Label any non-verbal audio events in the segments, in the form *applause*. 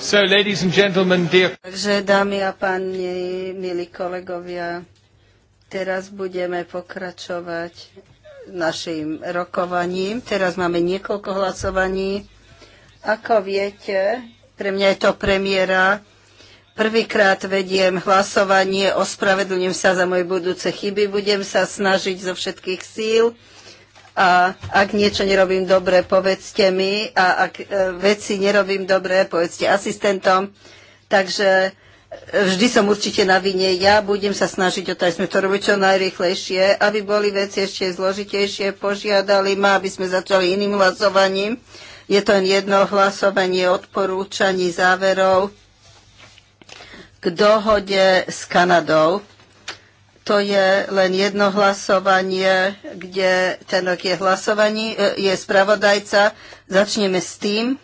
So, ladies and gentlemen, dear... Takže, dámy a páni, milí kolegovia, teraz budeme pokračovať našim rokovaním. Teraz máme niekoľko hlasovaní. Ako viete, pre mňa je to premiéra. Prvýkrát vediem hlasovanie, ospravedlňujem sa za moje budúce chyby, budem sa snažiť zo všetkých síl a ak niečo nerobím dobre, povedzte mi a ak e, veci nerobím dobre, povedzte asistentom. Takže e, vždy som určite na vine. Ja budem sa snažiť o to, aby sme to robili čo najrychlejšie, aby boli veci ešte zložitejšie. Požiadali ma, aby sme začali iným hlasovaním. Je to len jedno hlasovanie odporúčaní záverov k dohode s Kanadou to je len jedno hlasovanie, kde ten rok je hlasovaní, e, je spravodajca. Začneme s tým.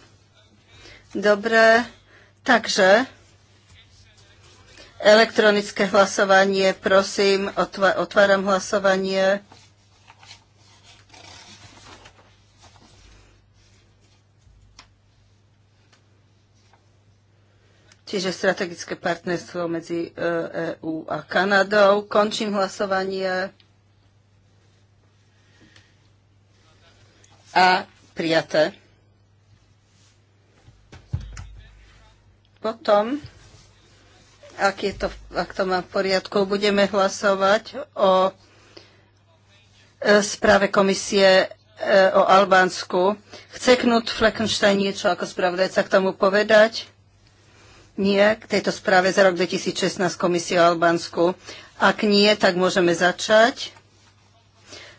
Dobre, takže elektronické hlasovanie, prosím, otváram hlasovanie. čiže strategické partnerstvo medzi EÚ e a Kanadou. Končím hlasovanie. A prijaté. Potom, ak, je to, ak to mám v poriadku, budeme hlasovať o e, správe komisie e, o Albánsku. Chce Knut Fleckenstein niečo ako spravodajca k tomu povedať? nie k tejto správe za rok 2016 Komisie o Albánsku. Ak nie, tak môžeme začať.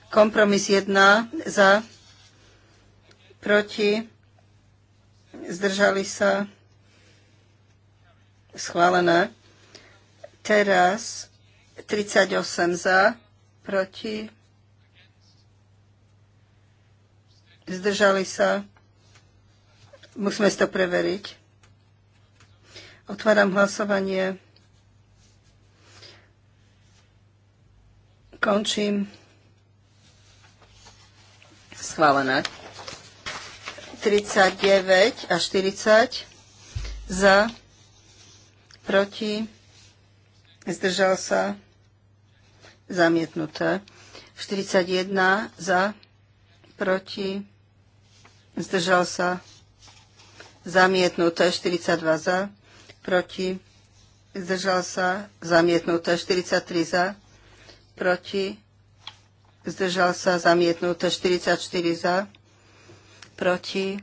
Kompromis 1 za, proti, zdržali sa, schválené. Teraz 38 za, proti, zdržali sa, musíme si to preveriť. Otváram hlasovanie. Končím. Schválené. 39 a 40 za, proti, zdržal sa, zamietnuté. 41 za, proti, zdržal sa, zamietnuté. 42 za, proti, zdržal sa, zamietnuté 43 za, proti, zdržal sa, zamietnuté 44 za, proti,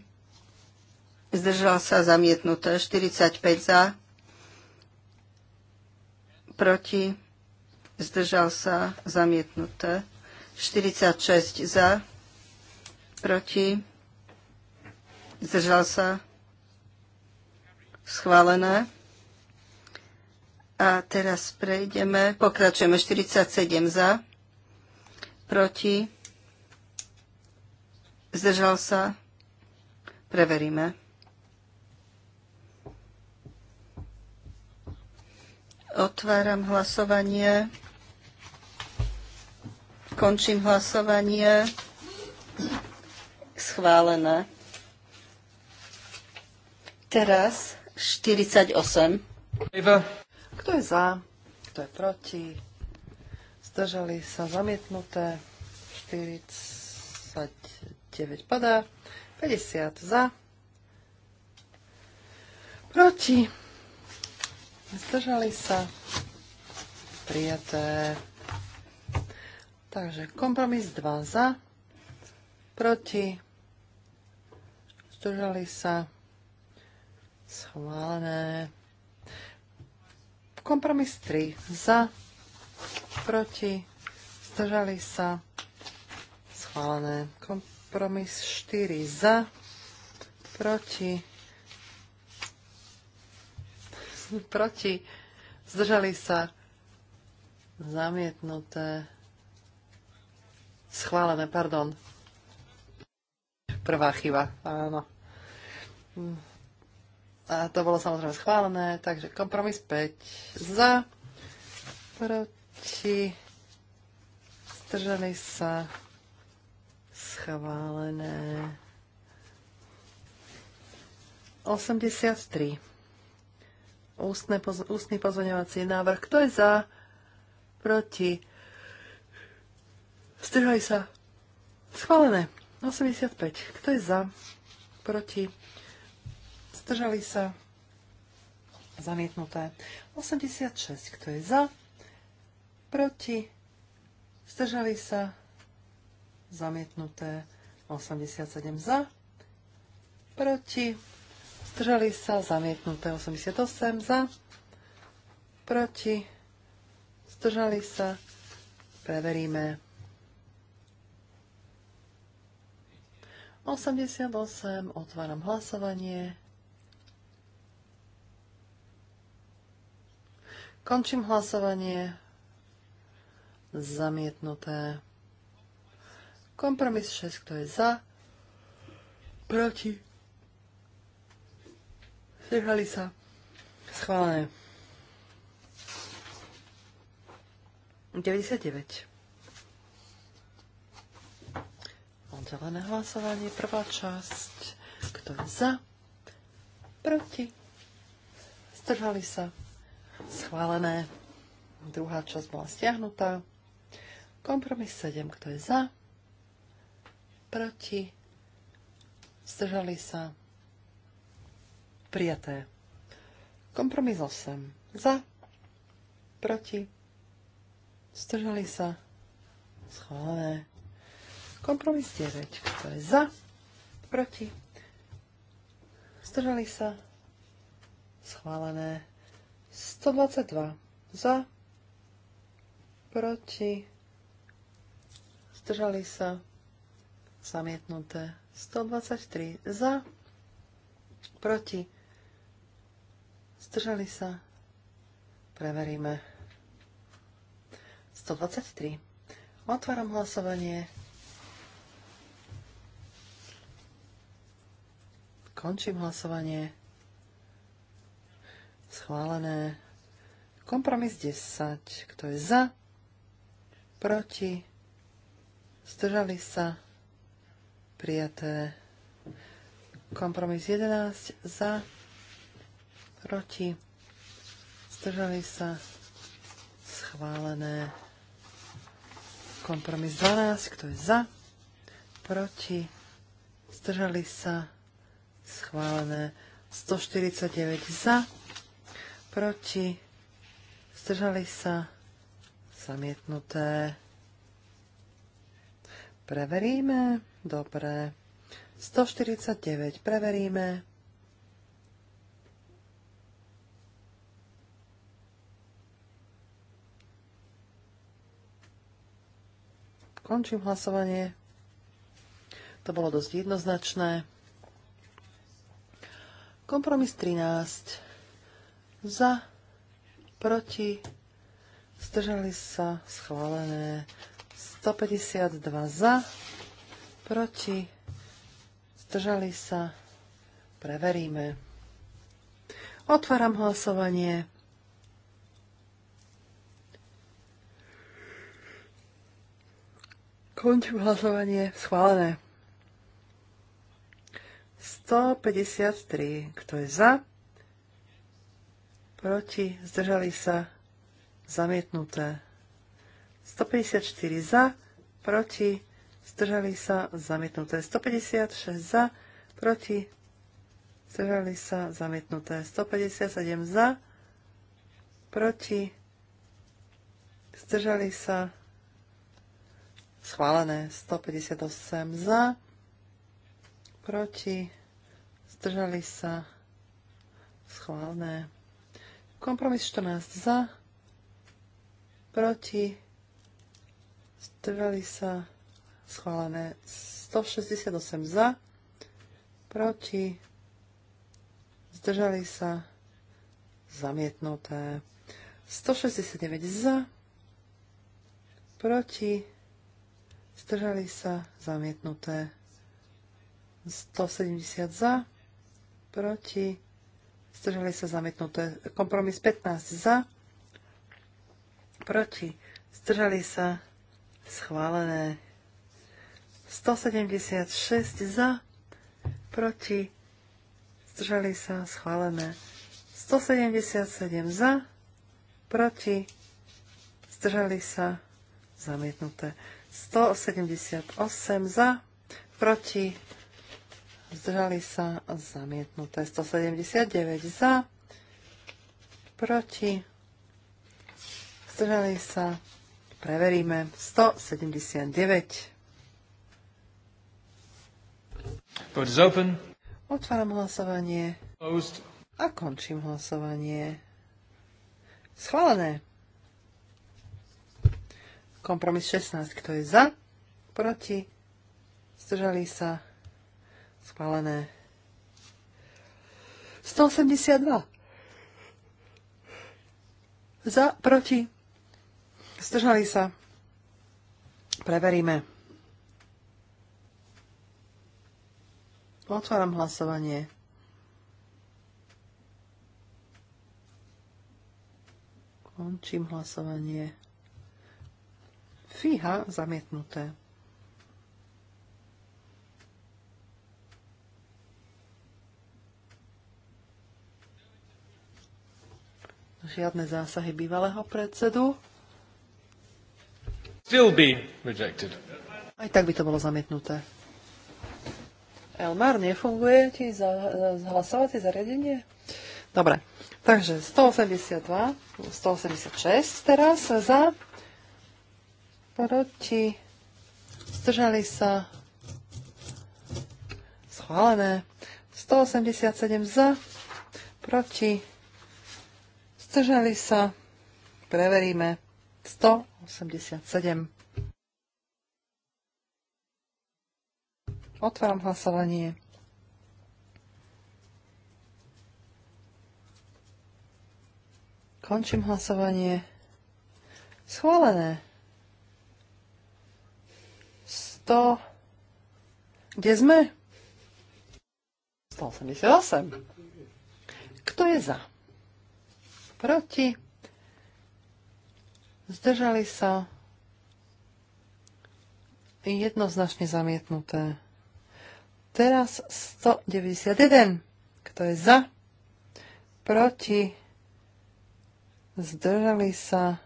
zdržal sa, zamietnuté 45 za, proti, zdržal sa, zamietnuté 46 za, proti, zdržal sa, schválené. A teraz prejdeme, pokračujeme 47 za, proti, zdržal sa, preveríme. Otváram hlasovanie. Končím hlasovanie. Schválené. Teraz 48. Kto je za? Kto je proti? Zdržali sa zamietnuté. 49 padá. 50 za. Proti. Zdržali sa. Prijaté. Takže kompromis 2 za. Proti. Zdržali sa schválené. Kompromis 3 za, proti, zdržali sa, schválené. Kompromis 4 za, proti, *laughs* proti, zdržali sa, zamietnuté, schválené, pardon. Prvá chyba, áno. Hm. A to bolo samozrejme schválené, takže kompromis 5 za, proti, zdržali sa, schválené. 83. Ústne poz- ústny pozvaňovací návrh. Kto je za? Proti? Zdržali sa. Schválené. 85. Kto je za? Proti? zdržali sa, zamietnuté. 86, kto je za, proti, zdržali sa, zamietnuté. 87 za, proti, zdržali sa, zamietnuté. 88 za, proti, zdržali sa, preveríme. 88, otváram hlasovanie. Končím hlasovanie. Zamietnuté. Kompromis 6, kto je za? Proti? Zdržali sa. Schválené. 99. Oddelené hlasovanie, prvá časť. Kto je za? Proti? Zdržali sa Schválené. Druhá časť bola stiahnutá. Kompromis 7. Kto je za? Proti? Zdržali sa? Prijaté. Kompromis 8. Za? Proti? Zdržali sa? Schválené. Kompromis 9. Kto je za? Proti? Zdržali sa? Schválené. 122 za, proti, zdržali sa, zamietnuté. 123 za, proti, zdržali sa, preveríme. 123. Otváram hlasovanie. Končím hlasovanie schválené. Kompromis 10. Kto je za? Proti? Zdržali sa? Prijaté. Kompromis 11. Za? Proti? Zdržali sa? Schválené. Kompromis 12. Kto je za? Proti? Zdržali sa? Schválené. 149 za proti, zdržali sa, zamietnuté. Preveríme, dobre. 149, preveríme. Končím hlasovanie. To bolo dosť jednoznačné. Kompromis 13 za, proti, zdržali sa, schválené. 152 za, proti, zdržali sa, preveríme. Otváram hlasovanie. Končím hlasovanie. Schválené. 153. Kto je za? proti, zdržali sa, zamietnuté. 154 za, proti, zdržali sa, zamietnuté. 156 za, proti, zdržali sa, zamietnuté. 157 za, proti, zdržali sa, schválené. 158 za, proti, zdržali sa, schválené. Kompromis 14 za, proti, zdržali sa schválené 168 za, proti, zdržali sa zamietnuté 169 za, proti, zdržali sa zamietnuté 170 za, proti, zdržali sa zamietnuté. Kompromis 15 za, proti, zdržali sa schválené. 176 za, proti, zdržali sa schválené. 177 za, proti, zdržali sa zamietnuté. 178 za, proti, zdržali sa zamietnuté. 179 za, proti, zdržali sa, preveríme, 179. Vote is open. Otváram hlasovanie. Closed. A končím hlasovanie. Schválené. Kompromis 16. Kto je za? Proti? Zdržali sa? Schválené. 182. Za, proti. Zdržali sa. Preveríme. Otváram hlasovanie. Končím hlasovanie. Fíha zamietnuté. žiadne zásahy bývalého predsedu. Still be rejected. Aj tak by to bolo zamietnuté. Elmar, nefunguje ti za, za, hlasovacie zariadenie? Dobre, takže 182, 186 teraz za, proti, zdržali sa, schválené, 187 za, proti, Zdržali sa. Preveríme. 187. Otváram hlasovanie. Končím hlasovanie. Schválené. 100. Kde sme? 188. Kto je za? proti, zdržali sa jednoznačne zamietnuté. Teraz 191. Kto je za? Proti? Zdržali sa?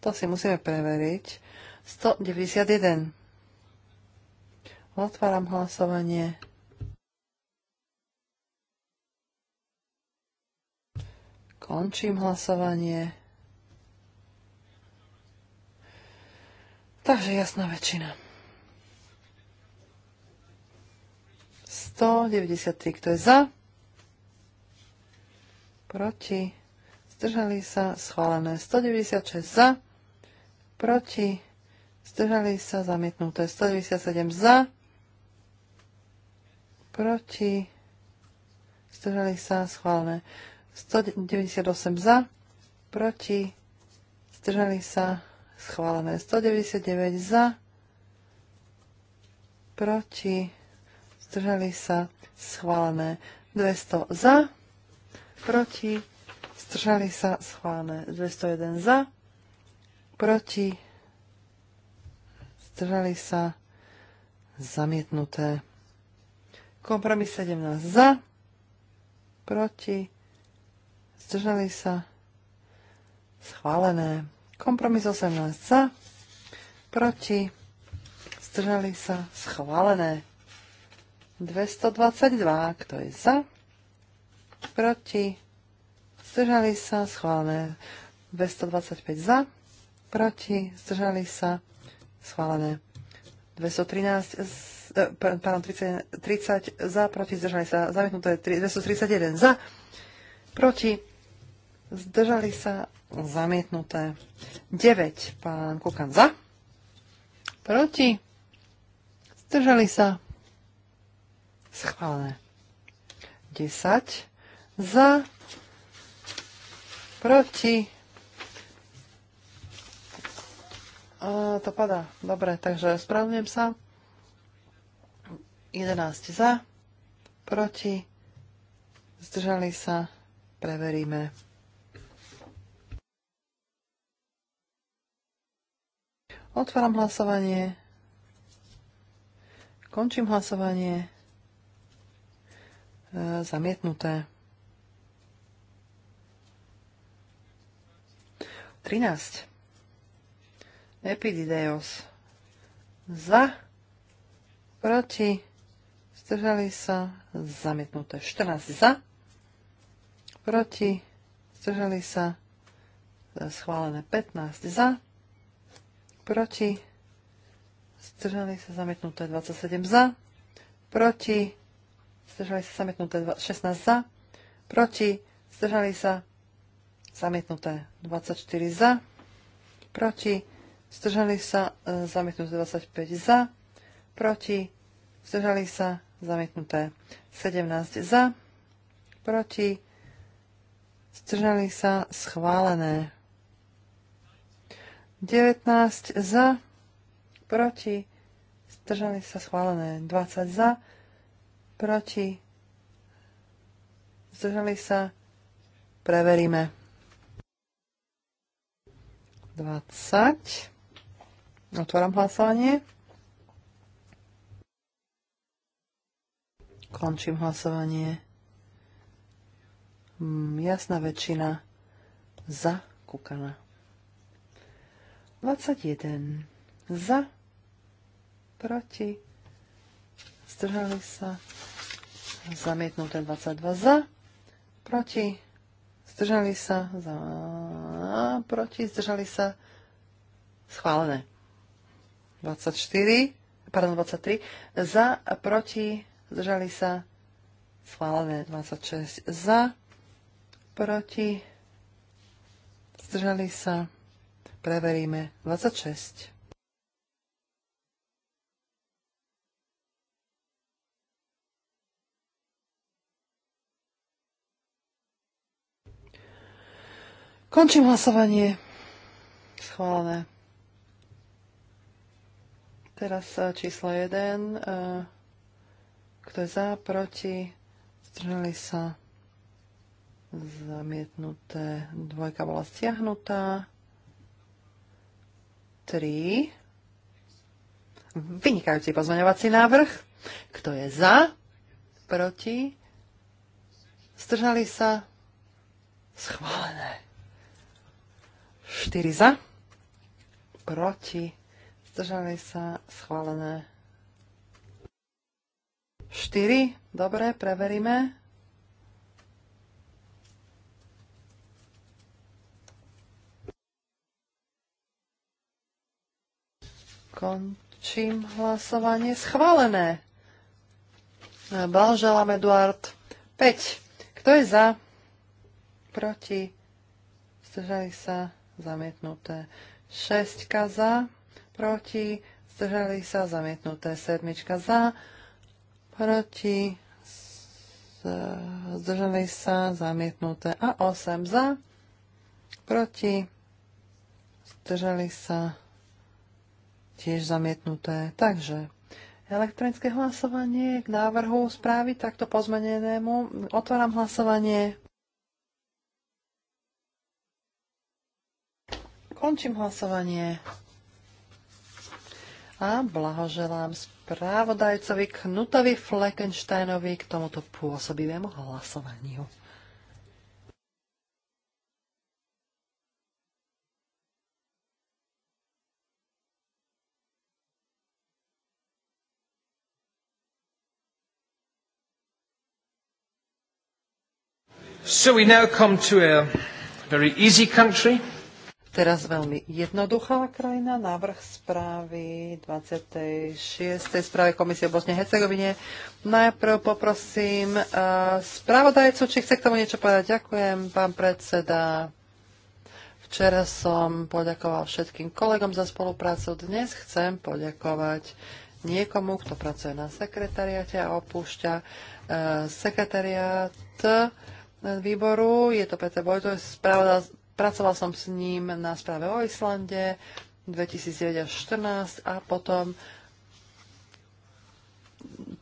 To si musíme preveriť. 191. Otváram hlasovanie. Končím hlasovanie. Takže jasná väčšina. 193, kto je za? Proti? Zdržali sa? Schválené. 196 za? Proti? Zdržali sa? Zamietnuté. 197 za? Proti? Zdržali sa? Schválené. 198 za, proti, zdržali sa, schválené 199 za, proti, zdržali sa, schválené 200 za, proti, zdržali sa, schválené 201 za, proti, zdržali sa, zamietnuté. Kompromis 17 za, proti, zdržali sa, schválené. Kompromis 18 za, proti, zdržali sa, schválené. 222, kto je za, proti, zdržali sa, schválené. 225 za, proti, zdržali sa, schválené. 213, e, pardon, 30, 30 za, proti, zdržali sa, zamietnuté 231 za, proti, zdržali sa, zamietnuté. 9, pán Kukan za, proti, zdržali sa, schválené. 10, za, proti, A to padá. Dobre, takže spravňujem sa. 11 za, proti, zdržali sa, preveríme. Otváram hlasovanie. Končím hlasovanie. E, zamietnuté. 13. Epidideos. Za. Proti. Zdržali sa. Zamietnuté. 14. Za. Proti. Zdržali sa. Schválené 15 za proti, zdržali sa zamietnuté 27 za, proti, zdržali sa zamietnuté 16 za, proti, zdržali sa zamietnuté 24 e, za, proti, zdržali sa zamietnuté 25 za, proti, zdržali sa zamietnuté 17 za, proti, zdržali sa schválené 19 za, proti, zdržali sa schválené 20 za, proti, zdržali sa, preveríme. 20. Otváram hlasovanie. Končím hlasovanie. Mm, jasná väčšina za Kukana. 21 za, proti, zdržali sa, zamietnuté 22 za, proti, zdržali sa, za, proti, zdržali sa, schválené. 24, pardon, 23, za, proti, zdržali sa, schválené. 26 za, proti, zdržali sa, Preveríme 26. Končím hlasovanie. Schválené. Teraz eh, číslo 1. Eh, kto je za, proti? Zdržali sa. Zamietnuté. Dvojka bola stiahnutá. 3. Vynikajúci pozmeňovací návrh. Kto je za? Proti? Zdržali sa? Schválené. 4 za? Proti? Zdržali sa? Schválené. 4. Dobre, preveríme. Končím hlasovanie. Schválené. Blahoželám, Eduard. 5. Kto je za? Proti? Zdržali sa? Zamietnuté. 6 za? Proti? Zdržali sa? Zamietnuté. 7 za? Proti? Zdržali sa? Zamietnuté. A 8 za? Proti? Zdržali sa? tiež zamietnuté. Takže elektronické hlasovanie k návrhu správy takto pozmenenému. Otváram hlasovanie. Končím hlasovanie. A blahoželám správodajcovi Knutovi Fleckensteinovi k tomuto pôsobivému hlasovaniu. So we now come to a very easy country. Teraz veľmi jednoduchá krajina, návrh správy 26. správy Komisie o Bosne Hercegovine. Najprv poprosím uh, spravodajcu, či chce k tomu niečo povedať. Ďakujem, pán predseda. Včera som poďakoval všetkým kolegom za spoluprácu. Dnes chcem poďakovať niekomu, kto pracuje na sekretariate a opúšťa uh, eh, sekretariat výboru. Je to Peter Bojto, pracoval som s ním na správe o Islande 2009 2014 a potom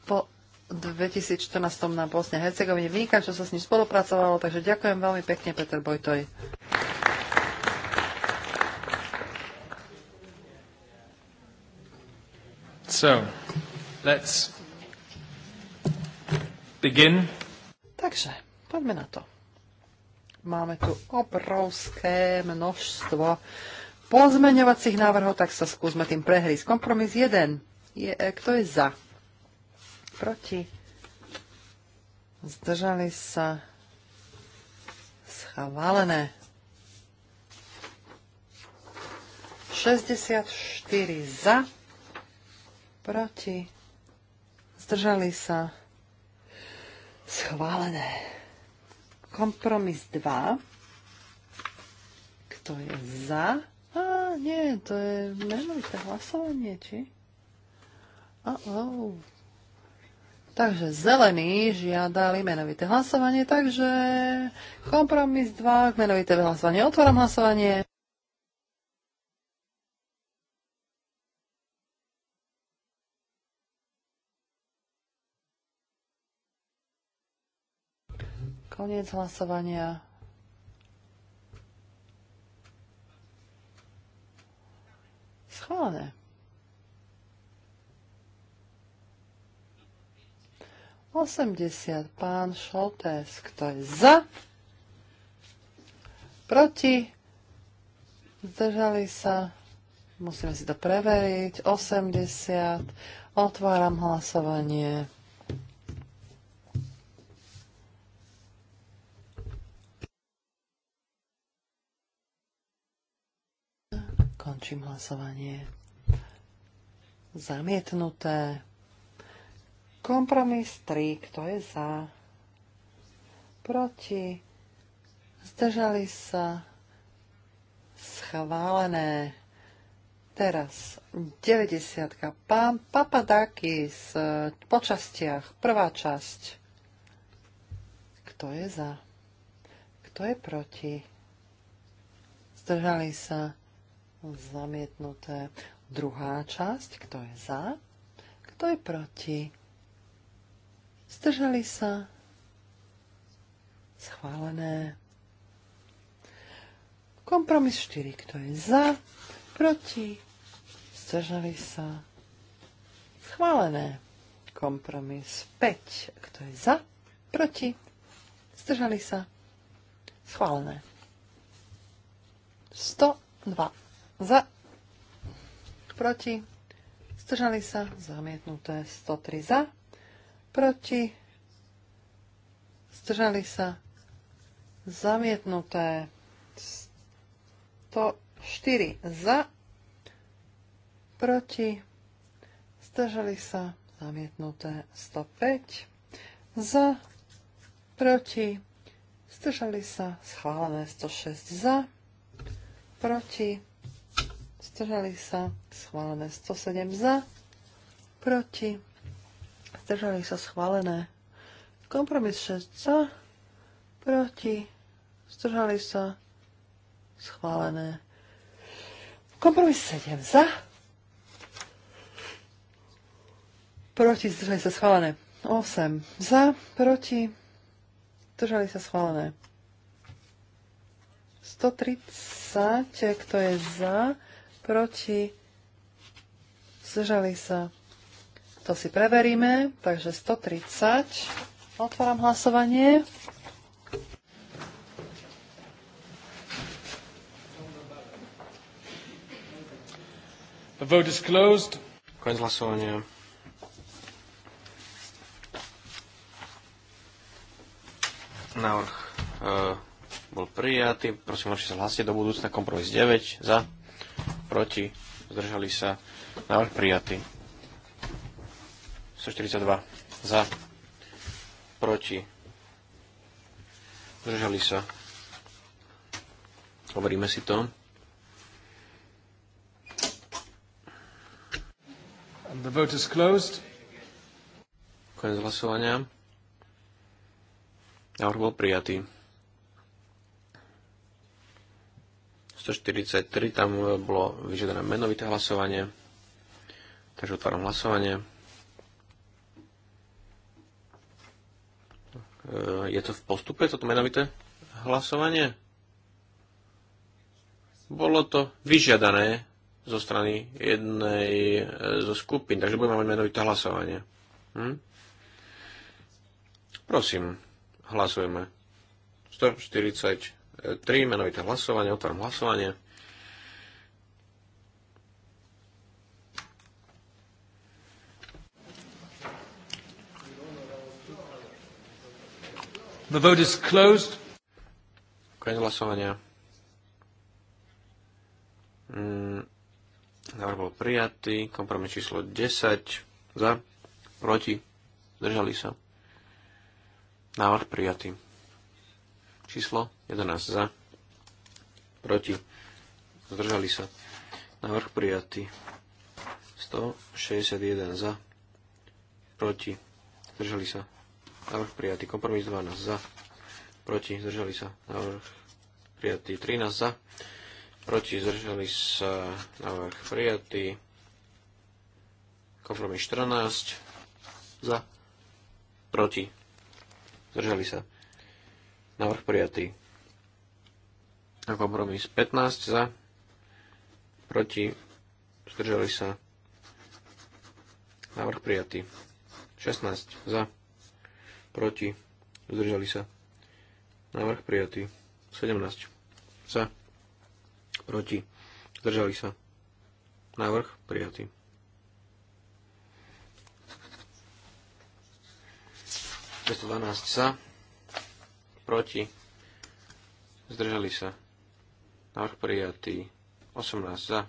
po 2014 na Bosne a Hercegovine. čo sa s ním spolupracovalo, takže ďakujem veľmi pekne, Peter Bojtoj. So, let's begin. Takže, Poďme na to. Máme tu obrovské množstvo pozmeňovacích návrhov, tak sa skúsme tým prehrísť. Kompromis 1. Je, e, kto je za? Proti? Zdržali sa? Schválené. 64 za, proti, zdržali sa, schválené. Kompromis 2. Kto je za? A nie, to je menovité hlasovanie, či? Uh -oh. Takže zelený žiadali menovité hlasovanie, takže kompromis 2, menovité hlasovanie. Otváram hlasovanie. Koniec hlasovania. Schválené. 80. Pán Šoltés, kto je za? Proti? Zdržali sa? Musíme si to preveriť. 80. Otváram hlasovanie. Končím hlasovanie. Zamietnuté. Kompromis 3. Kto je za? Proti? Zdržali sa? Schválené. Teraz 90. Pán Papadakis po častiach. Prvá časť. Kto je za? Kto je proti? Zdržali sa? zamietnuté. Druhá časť, kto je za, kto je proti, zdržali sa, schválené. Kompromis 4, kto je za, proti, zdržali sa, schválené. Kompromis 5, kto je za, proti, zdržali sa, schválené. 102. Za. Proti. Zdržali sa. Zamietnuté. 103 za. Proti. Zdržali sa. Zamietnuté. 104 za. Proti. Zdržali sa. Zamietnuté. 105 za. Proti. Zdržali sa. Schválené. 106 za. Proti zdržali sa, schválené 107 za, proti, zdržali sa, schválené. Kompromis 6 za, proti, zdržali sa, schválené. Kompromis 7 za, proti, zdržali sa, schválené. 8 za, proti, zdržali sa, schválené. 130, kto je za, proti, zdržali sa. To si preveríme, takže 130. Otváram hlasovanie. The vote is closed. Koniec hlasovania. Návrh e, bol prijatý. Prosím, môžete sa hlasiť do budúcna. Kompromis 9 za proti, zdržali sa, návrh prijatý. 142 za, proti, zdržali sa. Hovoríme si to. And the vote is closed. Konec hlasovania. Návrh bol prijatý. 143, tam bolo vyžadané menovité hlasovanie. Takže otváram hlasovanie. E, je to v postupe, toto menovité hlasovanie? Bolo to vyžiadané zo strany jednej e, zo skupín, takže budeme mať menovité hlasovanie. Hm? Prosím, hlasujeme. 143. 3, menovité hlasovanie, otváram hlasovanie. The vote is closed. Koniec hlasovania. Mm, návrh bol prijatý. Kompromis číslo 10. Za. Proti. Zdržali sa. Návrh prijatý. Číslo 11 za. Proti. Zdržali sa. Návrh prijatý. 161 za. Proti. Zdržali sa. Návrh prijatý. Kompromis 12 za. Proti. Zdržali sa. Návrh prijatý. 13 za. Proti. Zdržali sa. Návrh prijatý. Kompromis 14 za. Proti. Zdržali sa. Návrh prijatý. A kompromis 15 za, proti, zdržali sa. Návrh prijatý. 16 za, proti, zdržali sa. Návrh prijatý. 17 za, proti, zdržali sa. Návrh prijatý. 12 sa proti, zdržali sa. Návrh prijatý 18 za,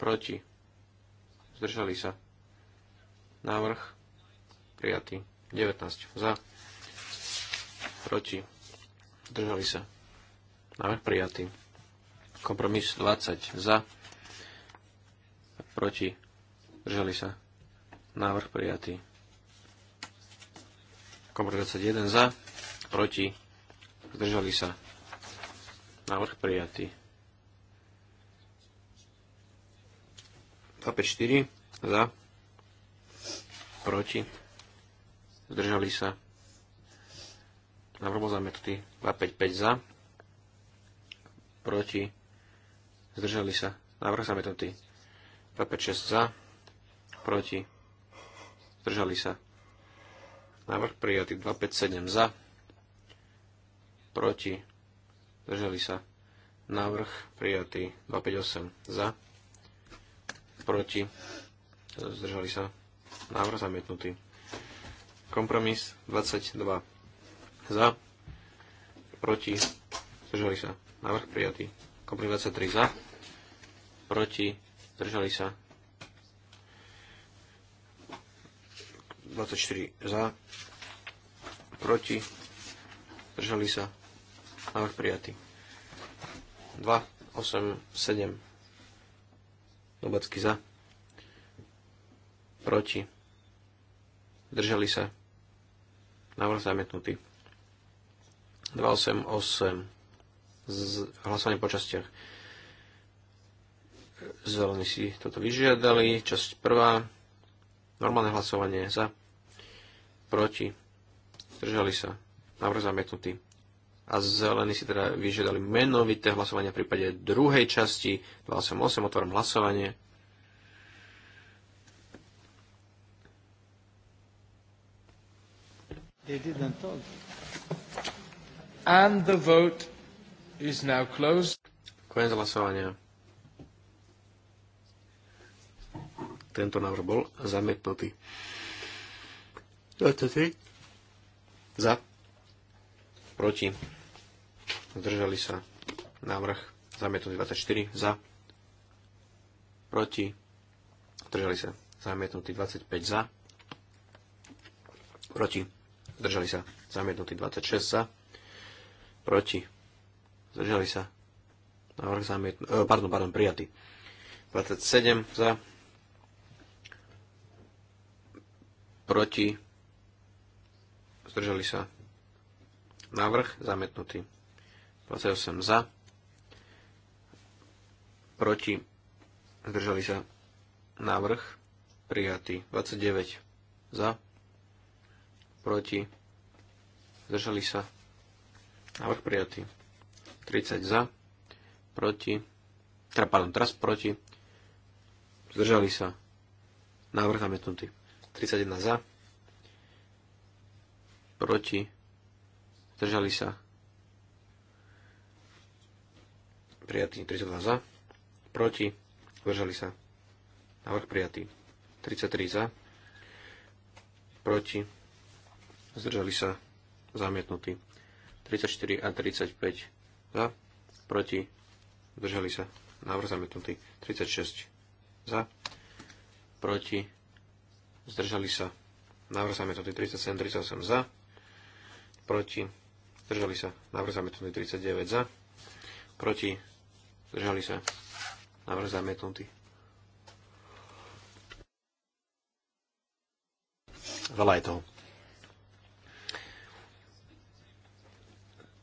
proti, zdržali sa. Návrh prijatý 19 za, proti, zdržali sa. Návrh prijatý. Kompromis 20 za, proti, zdržali sa. Návrh prijatý. Kompromis 21 za, proti, zdržali sa. Návrh prijatý. 254 za, proti, zdržali sa. Návrh bol zamietnutý. 255 za, proti, zdržali sa. Návrh zamietnutý. 256 za, proti, zdržali sa. Návrh prijatý 257 za, proti, zdržali sa. Návrh prijatý 258 za, proti, zdržali sa. Návrh zamietnutý. Kompromis 22 za, proti, zdržali sa. Návrh prijatý. Kompromis 23 za, proti, zdržali sa. 24 za, proti, zdržali sa Návrh prijatý. 2, 8, 7. Dobacky za. Proti. Držali sa. Návrh zamietnutý. 2, 8, 8. Z, hlasovanie po častiach. Zelení si toto vyžiadali. Časť prvá. Normálne hlasovanie za. Proti. Držali sa. Návrh zamietnutý a zelení si teda vyžiadali menovité hlasovanie v prípade druhej časti 28. otvorím hlasovanie. They didn't talk. And the vote is now closed. Koniec hlasovania. Tento návrh bol zamietnutý. 23. Za. Proti zdržali sa, návrh zamietnutý 24 za, proti, zdržali sa, zamietnutý 25 za, proti, zdržali sa, zamietnutý 26 e, za, proti, zdržali sa, návrh zamietnutý, pardon, pardon, prijatý, 27 za, proti, zdržali sa, návrh zamietnutý. 28 za, proti, zdržali sa, návrh prijatý. 29 za, proti, zdržali sa, návrh prijatý. 30 za, proti, teda pardon, teraz proti, zdržali sa, návrh zamietnutý. 31 za, proti, zdržali sa, prijatý. 32 za, proti, zdržali sa. Návrh prijatý. 33 za, proti, zdržali sa, zamietnutý. 34 a 35 za, proti, zdržali sa. Návrh zamietnutý. 36 za, proti, zdržali sa. Návrh zamietnutý 37, 38 za, proti, zdržali sa. Návrh zamietnutý 39 za, proti, Zdržali sa. Návrh zamietnutý. Veľa je toho.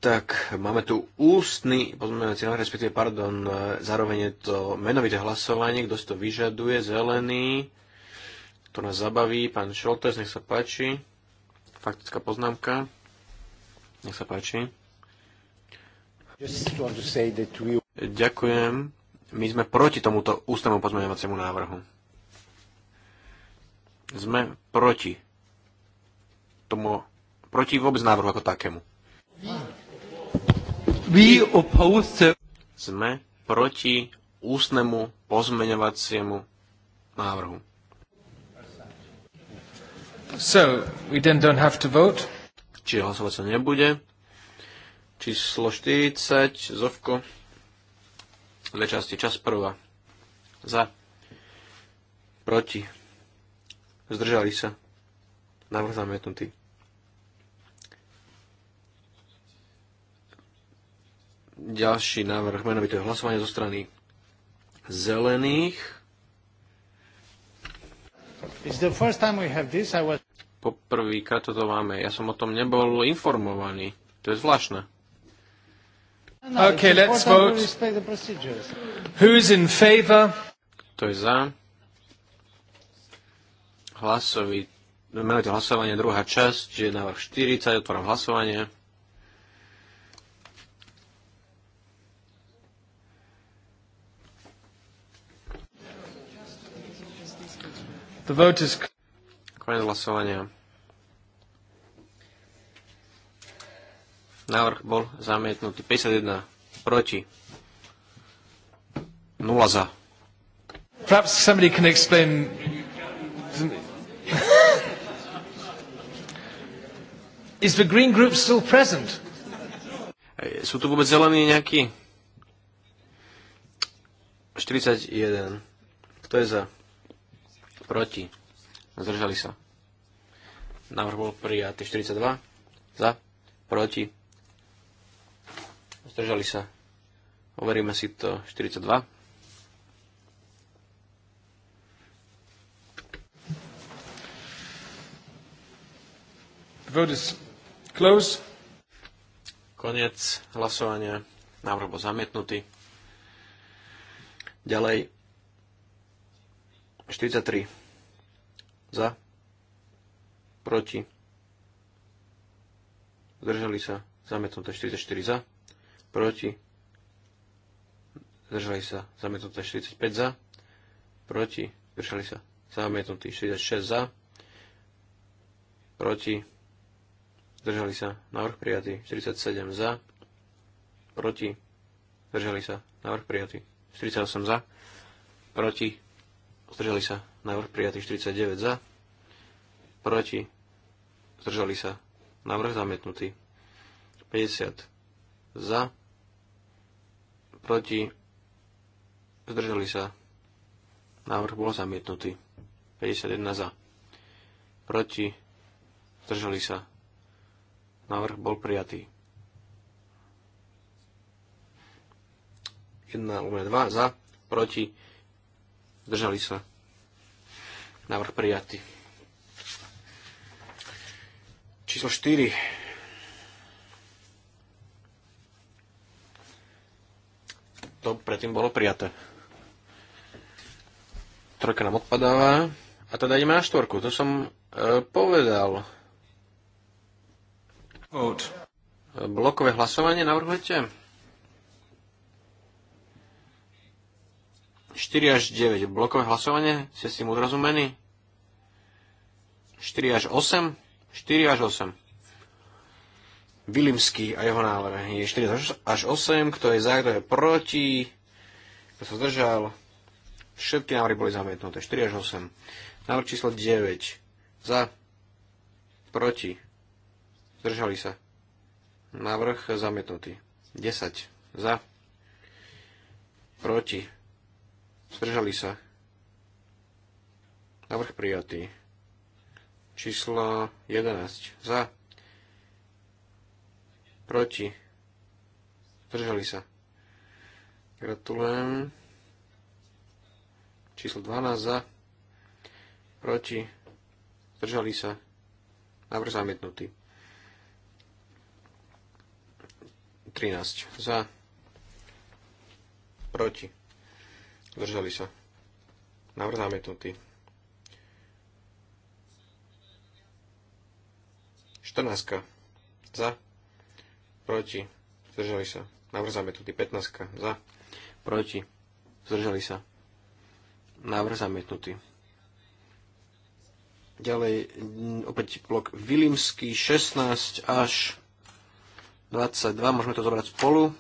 Tak, máme tu ústny pozmeňovací návrh, respektíve, pardon, zároveň je to menovité hlasovanie, kto si to vyžaduje, zelený, to nás zabaví, pán Šoltes, nech sa páči, faktická poznámka, nech sa páči. Just want to say that we Ďakujem. My sme proti tomuto ústnemu pozmeňovaciemu návrhu. Sme proti tomu, proti vôbec návrhu ako takému. Sme proti ústnemu pozmeňovaciemu návrhu. So, we then don't have to vote. Čiže hlasovať sa nebude. Číslo 40, Zovko dve časti. Čas prvá. Za. Proti. Zdržali sa. Návrh zamietnutý. Ďalší návrh menovitého hlasovania zo strany zelených. Poprvýkrát toto máme. Ja som o tom nebol informovaný. To je zvláštne. No, okay, let's vote. Who's in favor? Kto je za? Hlasový, menovité hlasovanie, druhá časť, je návrh 40, otváram hlasovanie. The vote is... Konec hlasovania. Návrh bol zamietnutý. 51 proti. 0 za. Perhaps somebody can explain... Is the Green Group still present? Sú tu vôbec zelení nejakí? 41. Kto je za? Proti. Zdržali sa. Návrh bol prijatý. 42. Za. Proti. Zdržali sa. Overíme si to 42. Vote is close. Konec hlasovania. Návrh bol zamietnutý. Ďalej. 43. Za. Proti. Zdržali sa. Zamietnuté 44 za proti, zdržali sa, zamietnuté 45 za, proti, zdržali sa, zamietnutí 46 za, proti, zdržali sa, návrh prijatý 47 za, proti, zdržali sa, návrh prijatý 48 za, proti, zdržali sa, návrh prijatý 49 za, proti, zdržali sa, návrh zamietnutý 50 za, proti, zdržali sa. Návrh bol zamietnutý. 51 za. Proti, zdržali sa. Návrh bol prijatý. 1, 2 za, proti, zdržali sa. Návrh prijatý. Číslo 4 to predtým bolo prijaté. Trojka nám odpadáva. A teda ideme na štvorku. To som e, povedal. Vote. E, blokové hlasovanie navrhujete? 4 až 9. Blokové hlasovanie? Ste s tým odrozumení? 4 až 8? 4 až 8. Vilimsky a jeho návrh je 4 až 8, kto je za, kto je proti, kto sa zdržal. Všetky návrhy boli zamietnuté, 4 až 8. Návrh číslo 9, za, proti, zdržali sa. Návrh zamietnutý, 10, za, proti, zdržali sa. Návrh prijatý. Číslo 11, za, Proti. Zdržali sa. Gratulujem. Číslo 12 za. Proti. Zdržali sa. Návrh zamietnutý. 13 za. Proti. Zdržali sa. Návrh zamietnutý. 14 za proti, zdržali sa. Návrh zamietnutý 15 za, proti, zdržali sa. Návrh zamietnutý. Ďalej mm, opäť blok Vilimský 16 až 22. Môžeme to zobrať spolu.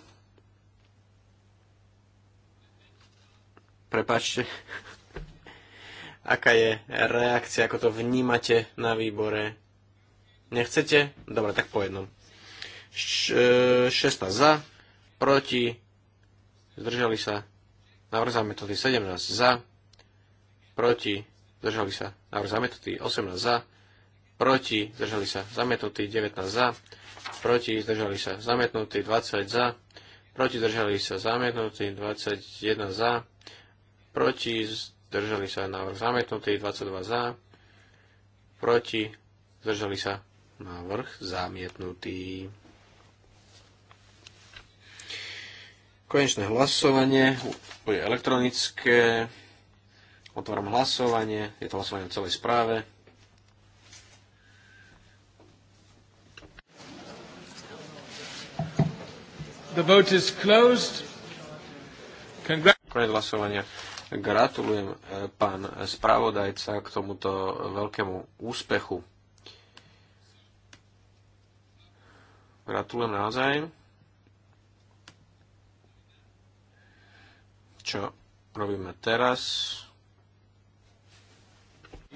Prepačte. *laughs* Aká je reakcia, ako to vnímate na výbore? Nechcete? Dobre, tak po jednom. 16 e, za, proti, zdržali sa, návrh zamietnutý 17 za, proti, zdržali sa, návrh zamietnutý 18 za, proti, zdržali sa, zamietnutý 19 za, proti, zdržali sa, zamietnutý 20 za, proti, zdržali sa, zamietnutý 21 za, proti, zdržali sa, návrh zamietnutý 22 za, proti, zdržali sa, návrh zamietnutý. Konečné hlasovanie bude elektronické. Otváram hlasovanie. Je to hlasovanie o celej správe. The vote is closed. Congra- Konec hlasovania. Gratulujem, eh, pán spravodajca, k tomuto veľkému úspechu. Gratulujem naozaj. čo robíme teraz.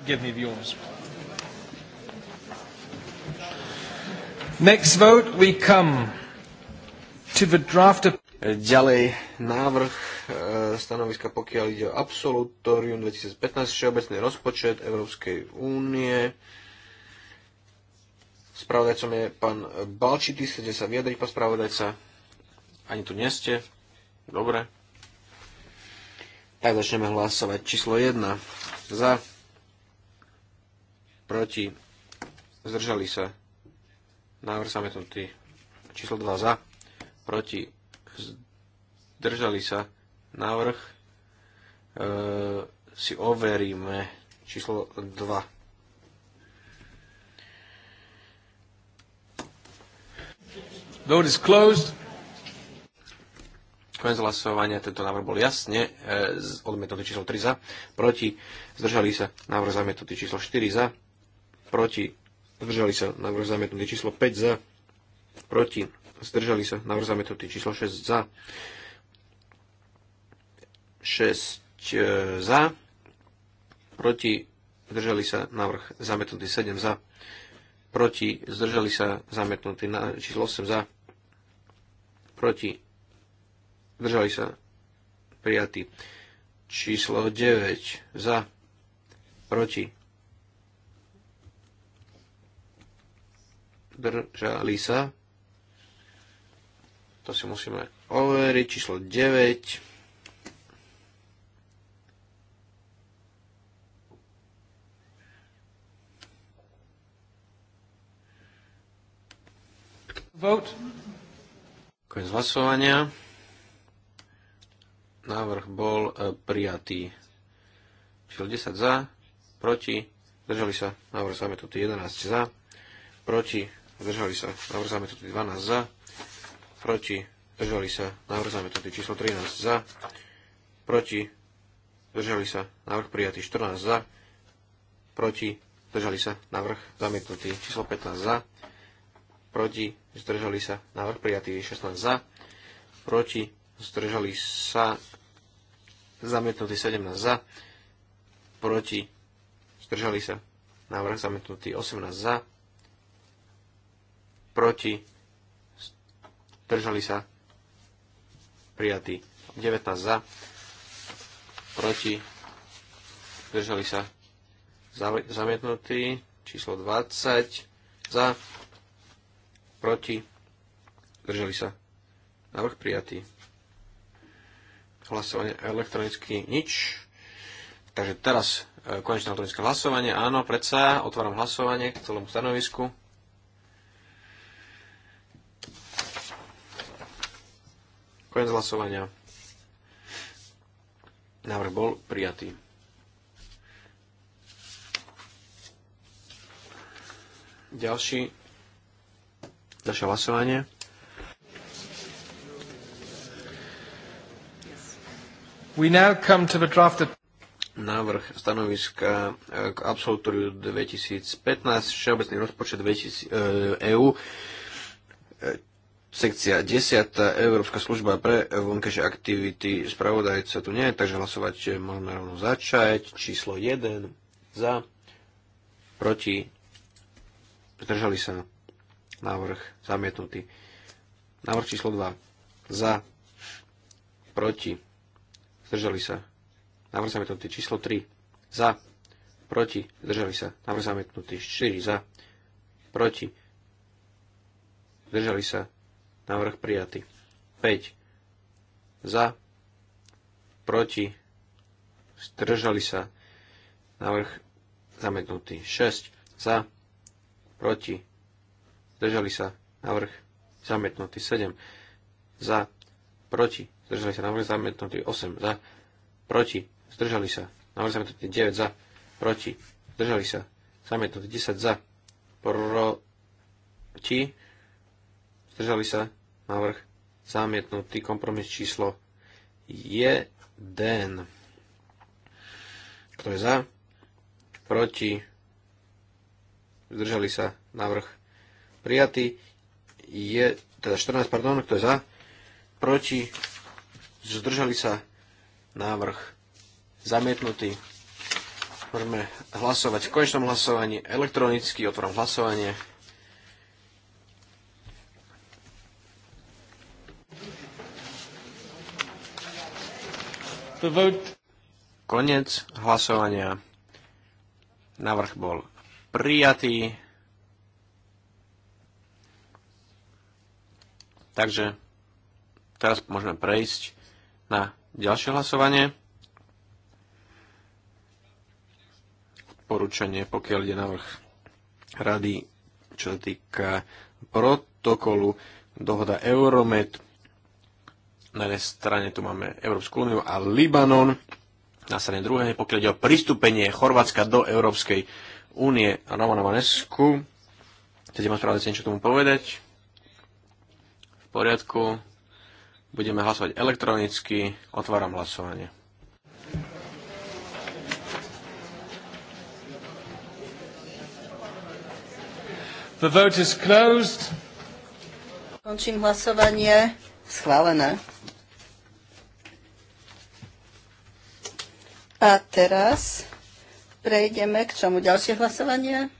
Give me yours. Next vote we come to the draft of... Ďalej návrh e, stanoviska, pokiaľ ide o absolutorium 2015, všeobecný rozpočet Európskej únie. Spravodajcom je pán Balčitis, chcete sa vyjadriť, pán spravodajca? Ani tu nie ste? Dobre. Tak začneme hlasovať. Číslo 1. Za. Proti. Zdržali sa. Návrh zamietnutý. Číslo 2. Za. Proti. Zdržali sa. Návrh. E, si overíme. Číslo 2. Vote is closed koniec hlasovania, tento návrh bol jasne e, odmietnutý číslo 3 za, proti, zdržali sa, návrh zamietnutý číslo 4 za, proti, zdržali sa, návrh zamietnutý číslo 5 za, proti, zdržali sa, návrh zamietnutý číslo 6 za, 6 e, za, proti, zdržali sa, návrh zamietnutý 7 za, proti, zdržali sa, zamietnutý číslo 8 za, proti, zdržali sa, prijatí. Číslo 9, za, proti, Držali sa, to si musíme overiť, číslo 9, Vote. Koniec hlasovania. Návrh bol e, prijatý. Čiže 10 za, proti, zdržali sa, návrh zamietnutý 11 za, proti, zdržali sa, návrh zamietnutý 12 za, proti, zdržali sa, návrh zamietnutý číslo 13 za, proti, zdržali sa, návrh prijatý 14 za, proti, zdržali sa, návrh zamietnutý číslo 15 za, proti, zdržali sa, návrh prijatý 16 za, proti, zdržali sa, zamietnutý 17 za, proti, zdržali sa, návrh zamietnutý 18 za, proti, zdržali sa, prijatý 19 za, proti, zdržali sa, zamietnutý číslo 20 za, proti, zdržali sa. Návrh prijatý hlasovanie elektronicky nič. Takže teraz e, konečné elektronické hlasovanie. Áno, predsa otváram hlasovanie k celému stanovisku. Koniec hlasovania. Návrh bol prijatý. Ďalší, ďalšie hlasovanie. We now come to the drafted návrh stanoviska eh, k absolutóriu 2015, všeobecný rozpočet 2000, EU, eh, e eh, sekcia 10, Európska služba pre vonkajšie aktivity, spravodajca tu nie, takže hlasovať môžeme rovno začať. Číslo 1 za, proti, zdržali sa, návrh zamietnutý. Návrh číslo 2 za, proti, zdržali sa. Návrh zamietnutý číslo 3 za, proti, zdržali sa. Návrh zamietnutý 4 za, proti, zdržali sa. Návrh prijatý 5 za, proti, zdržali sa. Návrh zamietnutý 6 za, proti, zdržali sa. Návrh zamietnutý 7 za, proti, zdržali sa, návrh zamietnutý 8 za, proti, zdržali sa, návrh zamietnutý 9 za, proti, zdržali sa, zamietnutý 10 za, proti, zdržali sa, návrh zamietnutý, kompromis číslo 1. Kto je za? Proti? Zdržali sa, návrh prijatý. Je, teda 14, pardon, kto je za? Proti? zdržali sa, návrh zamietnutý. Môžeme hlasovať v konečnom hlasovaní elektronicky, otvorím hlasovanie. Konec hlasovania. Návrh bol prijatý. Takže teraz môžeme prejsť na ďalšie hlasovanie. Odporúčanie, pokiaľ ide navrh rady, čo sa týka protokolu dohoda Euromed. Na jednej strane tu máme Európsku úniu a Libanon. Na strane druhej, pokiaľ ide o pristúpenie Chorvátska do Európskej únie Romana Manesku. Chcete ma správne niečo tomu povedať? V poriadku. Budeme hlasovať elektronicky. Otváram hlasovanie. The vote is closed. Končím hlasovanie. Schválené. A teraz prejdeme k čomu? Ďalšie hlasovanie?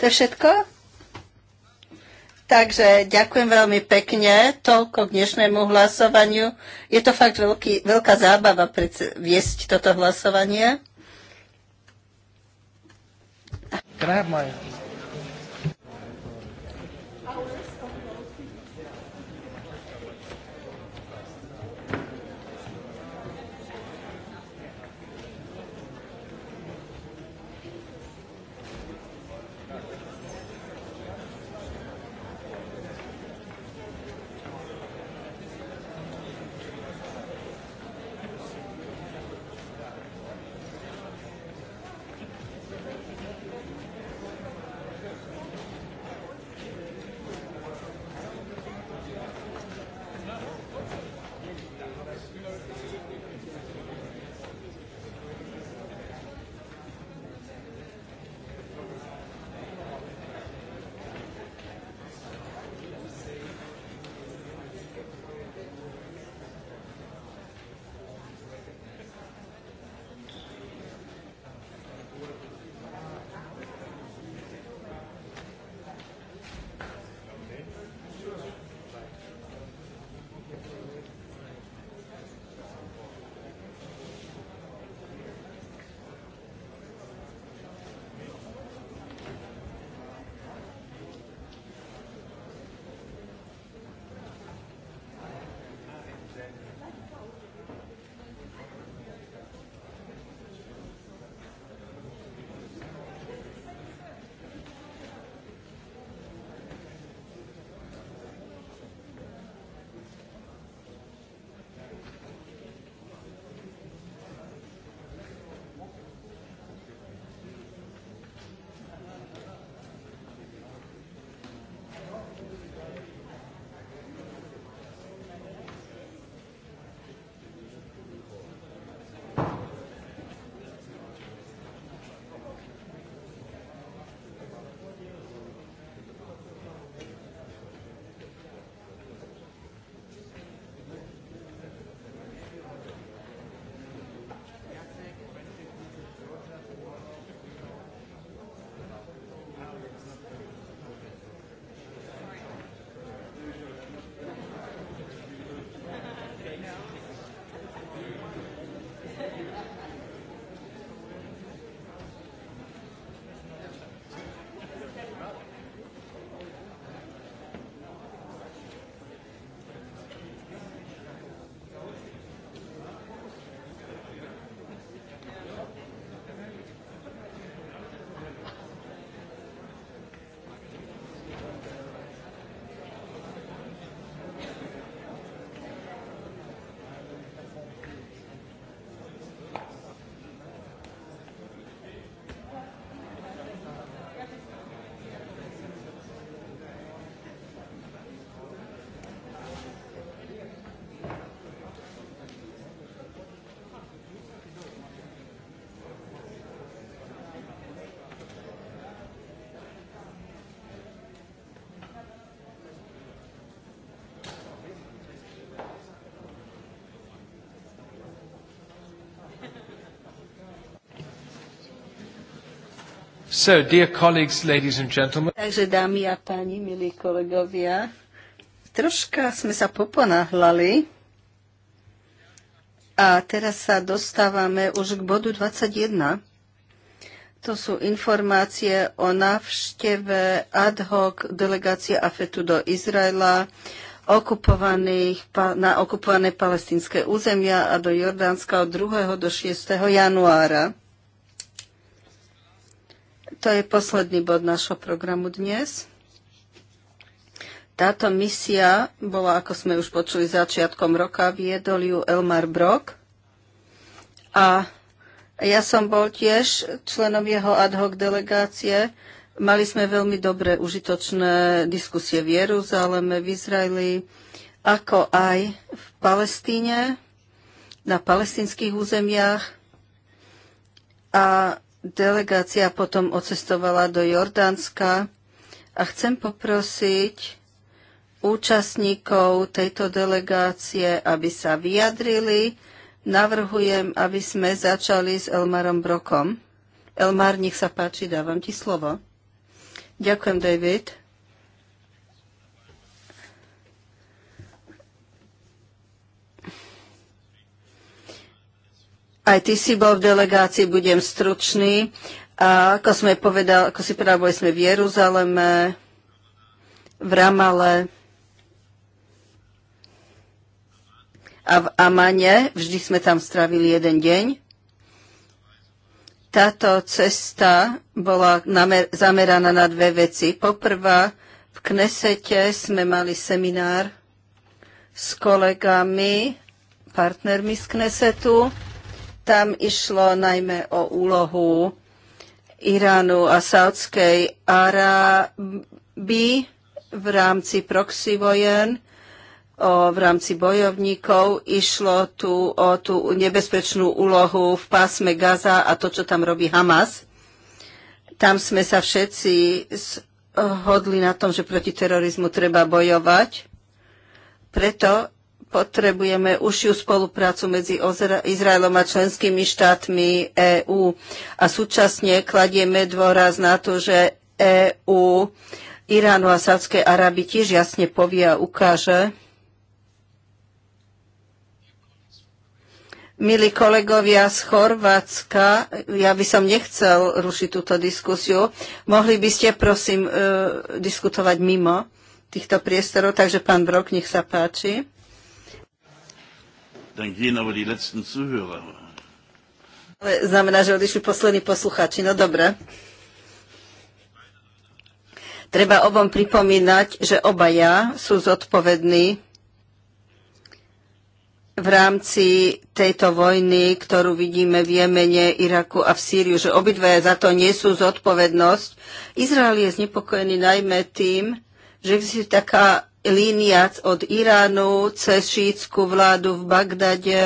To je všetko? Takže ďakujem veľmi pekne. Toľko k dnešnému hlasovaniu. Je to fakt veľký, veľká zábava viesť toto hlasovanie. my So, dear colleagues, ladies and gentlemen. Takže dámy a páni, milí kolegovia, troška sme sa poponáhlali a teraz sa dostávame už k bodu 21. To sú informácie o návšteve ad hoc delegácie AFETu do Izraela, na okupované palestinské územia a do Jordánska od 2. do 6. januára. To je posledný bod našho programu dnes. Táto misia bola, ako sme už počuli začiatkom roka, viedol ju Elmar Brock. A ja som bol tiež členom jeho ad hoc delegácie. Mali sme veľmi dobré, užitočné diskusie v Jeruzaleme, v Izraeli, ako aj v Palestíne, na palestinských územiach. A Delegácia potom ocestovala do Jordánska a chcem poprosiť účastníkov tejto delegácie, aby sa vyjadrili. Navrhujem, aby sme začali s Elmarom Brokom. Elmar, nech sa páči, dávam ti slovo. Ďakujem, David. Aj ty si bol v delegácii, budem stručný. A ako, sme povedal, ako si povedal, boli sme v Jeruzaleme, v Ramale a v Amane. Vždy sme tam stravili jeden deň. Táto cesta bola zameraná na dve veci. Poprvá, v Knesete sme mali seminár s kolegami, partnermi z Knesetu tam išlo najmä o úlohu Iránu a Saudskej Aráby v rámci proxy vojen, o, v rámci bojovníkov. Išlo tu o tú nebezpečnú úlohu v pásme Gaza a to, čo tam robí Hamas. Tam sme sa všetci zhodli na tom, že proti terorizmu treba bojovať. Preto potrebujeme užšiu spoluprácu medzi Izraelom a členskými štátmi EÚ a súčasne kladieme dôraz na to, že EÚ Iránu a Sádskej Arabi tiež jasne povie a ukáže, Milí kolegovia z Chorvátska, ja by som nechcel rušiť túto diskusiu. Mohli by ste, prosím, e, diskutovať mimo týchto priestorov, takže pán Brok, nech sa páči. Dann gehen aber die letzten Zuhörer. Ale znamená, že odišli poslední posluchači. No dobre. Treba obom pripomínať, že obaja sú zodpovední v rámci tejto vojny, ktorú vidíme v Jemene, Iraku a v Sýriu, že obidve za to nie sú zodpovednosť. Izrael je znepokojený najmä tým, že existuje taká líniac od Iránu cez šítskú vládu v Bagdade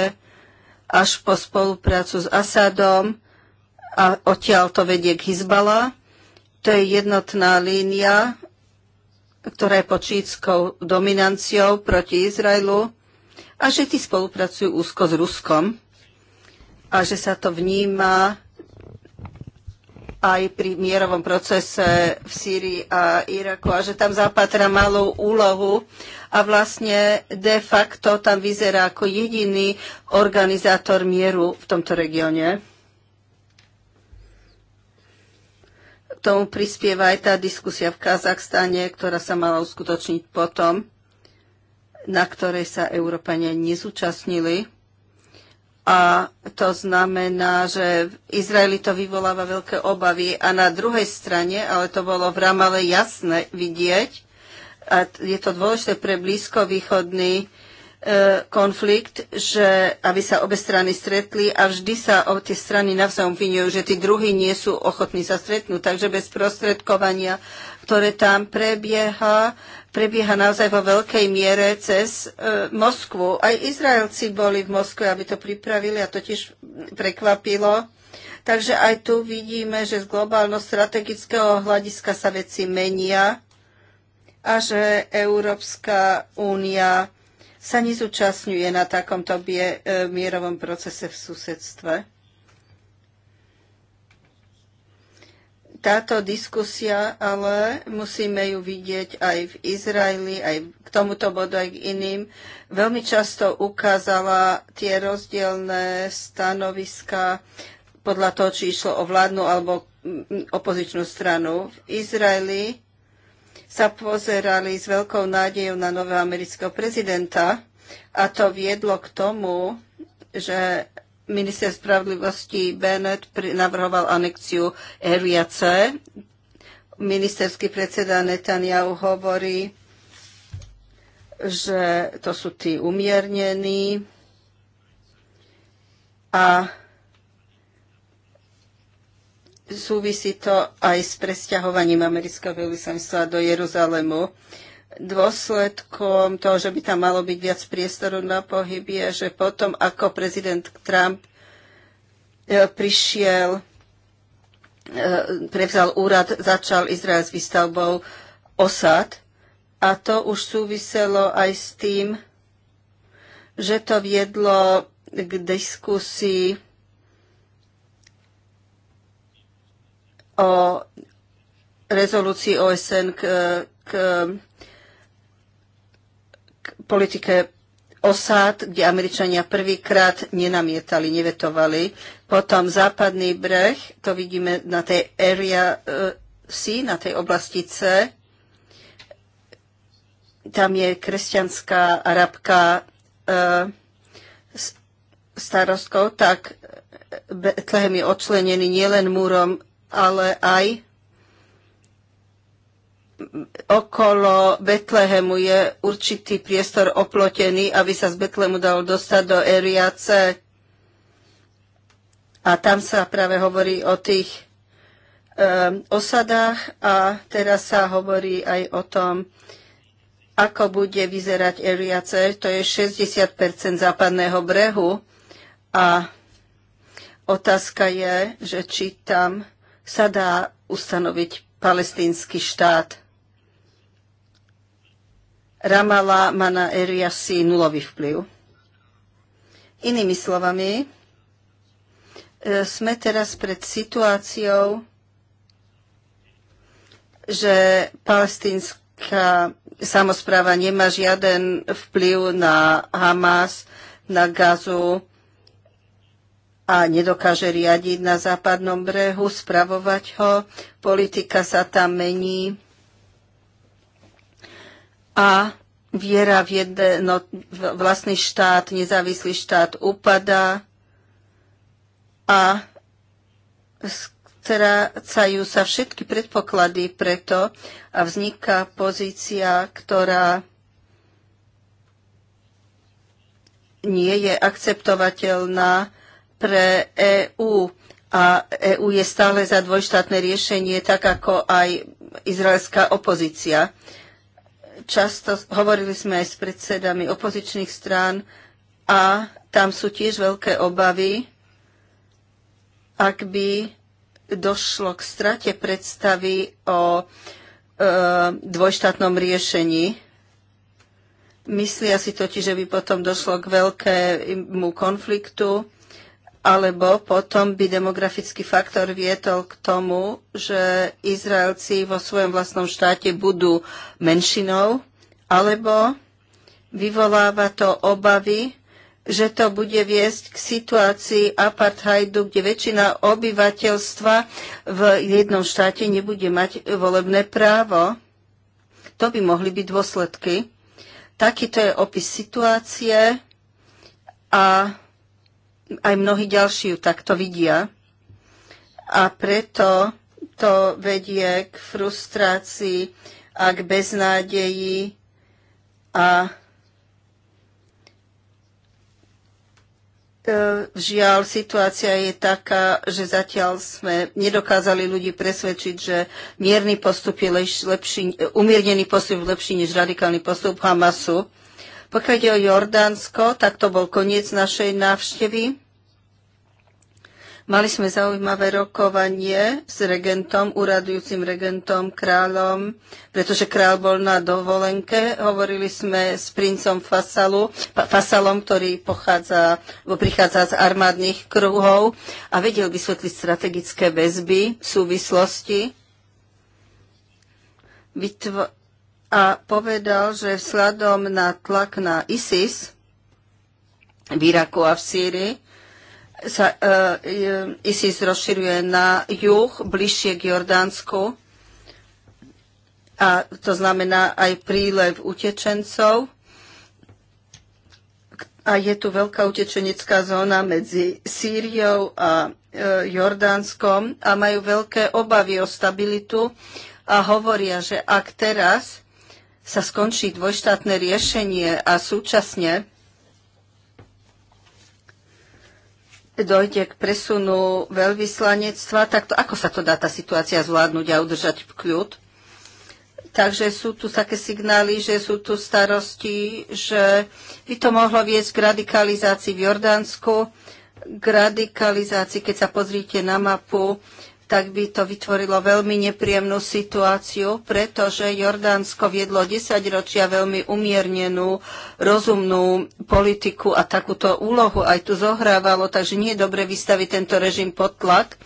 až po spoluprácu s Asadom a odtiaľ to vedie k Hizbala. To je jednotná línia, ktorá je pod šítskou dominanciou proti Izraelu a že tí spolupracujú úzko s Ruskom a že sa to vníma aj pri mierovom procese v Sýrii a Iraku a že tam zapatra teda malú úlohu a vlastne de facto tam vyzerá ako jediný organizátor mieru v tomto regióne. K tomu prispieva aj tá diskusia v Kazachstane, ktorá sa mala uskutočniť potom, na ktorej sa Európania nezúčastnili a to znamená, že v Izraeli to vyvoláva veľké obavy a na druhej strane, ale to bolo v Ramale jasné vidieť, a je to dôležité pre blízkovýchodný e, konflikt, že aby sa obe strany stretli a vždy sa o tie strany navzájom vinujú, že tí druhí nie sú ochotní sa stretnúť. Takže bez prostredkovania ktoré tam prebieha, prebieha naozaj vo veľkej miere cez e, Moskvu. Aj Izraelci boli v Moskve, aby to pripravili a to tiež prekvapilo. Takže aj tu vidíme, že z globálno-strategického hľadiska sa veci menia a že Európska únia sa nezúčastňuje na takomto bie, e, mierovom procese v susedstve. Táto diskusia ale musíme ju vidieť aj v Izraeli, aj k tomuto bodu, aj k iným. Veľmi často ukázala tie rozdielne stanoviska podľa toho, či išlo o vládnu alebo opozičnú stranu. V Izraeli sa pozerali s veľkou nádejou na nového amerického prezidenta a to viedlo k tomu, že minister spravodlivosti Bennett navrhoval anekciu Area C. Ministerský predseda Netanyahu hovorí, že to sú tí umiernení a súvisí to aj s presťahovaním amerického veľvyslanectva do Jeruzalému dôsledkom toho, že by tam malo byť viac priestoru na pohyb, je, že potom, ako prezident Trump e, prišiel, e, prevzal úrad, začal Izrael s výstavbou osad a to už súviselo aj s tým, že to viedlo k diskusii o rezolúcii OSN k, k politike osád, kde Američania prvýkrát nenamietali, nevetovali. Potom západný breh, to vidíme na tej area eh, C, na tej oblasti C. Tam je kresťanská arabka eh, starostkou, tak eh, Betlehem je odčlenený nielen múrom, ale aj okolo Betlehemu je určitý priestor oplotený, aby sa z Betlehemu dalo dostať do Eriace A tam sa práve hovorí o tých um, osadách a teraz sa hovorí aj o tom, ako bude vyzerať eriace, To je 60 západného brehu a otázka je, že či tam sa dá ustanoviť palestínsky štát. Ramala má na Eriasi nulový vplyv. Inými slovami, e, sme teraz pred situáciou, že palestínska samozpráva nemá žiaden vplyv na Hamas, na Gazu a nedokáže riadiť na západnom brehu, spravovať ho. Politika sa tam mení a viera v, jedno, no, vlastný štát, nezávislý štát upadá a strácajú sa všetky predpoklady preto a vzniká pozícia, ktorá nie je akceptovateľná pre EÚ. A EÚ je stále za dvojštátne riešenie, tak ako aj izraelská opozícia. Uh, často hovorili sme aj s predsedami opozičných strán a tam sú tiež veľké obavy, ak by došlo k strate predstavy o e, dvojštátnom riešení. Myslia si totiž, že by potom došlo k veľkému konfliktu alebo potom by demografický faktor vietol k tomu, že Izraelci vo svojom vlastnom štáte budú menšinou, alebo vyvoláva to obavy, že to bude viesť k situácii apartheidu, kde väčšina obyvateľstva v jednom štáte nebude mať volebné právo. To by mohli byť dôsledky. Takýto je opis situácie a aj mnohí ďalší ju takto vidia. A preto to vedie k frustrácii a k beznádeji a e, žiaľ, situácia je taká, že zatiaľ sme nedokázali ľudí presvedčiť, že mierny postup je lepší, umiernený postup je lepší než radikálny postup Hamasu. Pokiaľ ide o Jordánsko, tak to bol koniec našej návštevy. Mali sme zaujímavé rokovanie s regentom, uradujúcim regentom, kráľom, pretože kráľ bol na dovolenke. Hovorili sme s princom Fasalu, Fasalom, ktorý pochádza, prichádza z armádnych kruhov a vedel vysvetliť strategické väzby, súvislosti. Vytvo- a povedal, že vzhľadom na tlak na ISIS v Iraku a v Sýrii sa uh, ISIS rozširuje na juh, bližšie k Jordánsku a to znamená aj prílev utečencov a je tu veľká utečenecká zóna medzi Sýriou a e, Jordánskom a majú veľké obavy o stabilitu a hovoria, že ak teraz sa skončí dvojštátne riešenie a súčasne dojde k presunu veľvyslanectva, tak to, ako sa to dá tá situácia zvládnuť a udržať v kľud? Takže sú tu také signály, že sú tu starosti, že by to mohlo viesť k radikalizácii v Jordánsku, k radikalizácii, keď sa pozrite na mapu, tak by to vytvorilo veľmi nepríjemnú situáciu, pretože Jordánsko viedlo 10 ročia veľmi umiernenú, rozumnú politiku a takúto úlohu aj tu zohrávalo, takže nie je dobre vystaviť tento režim pod tlak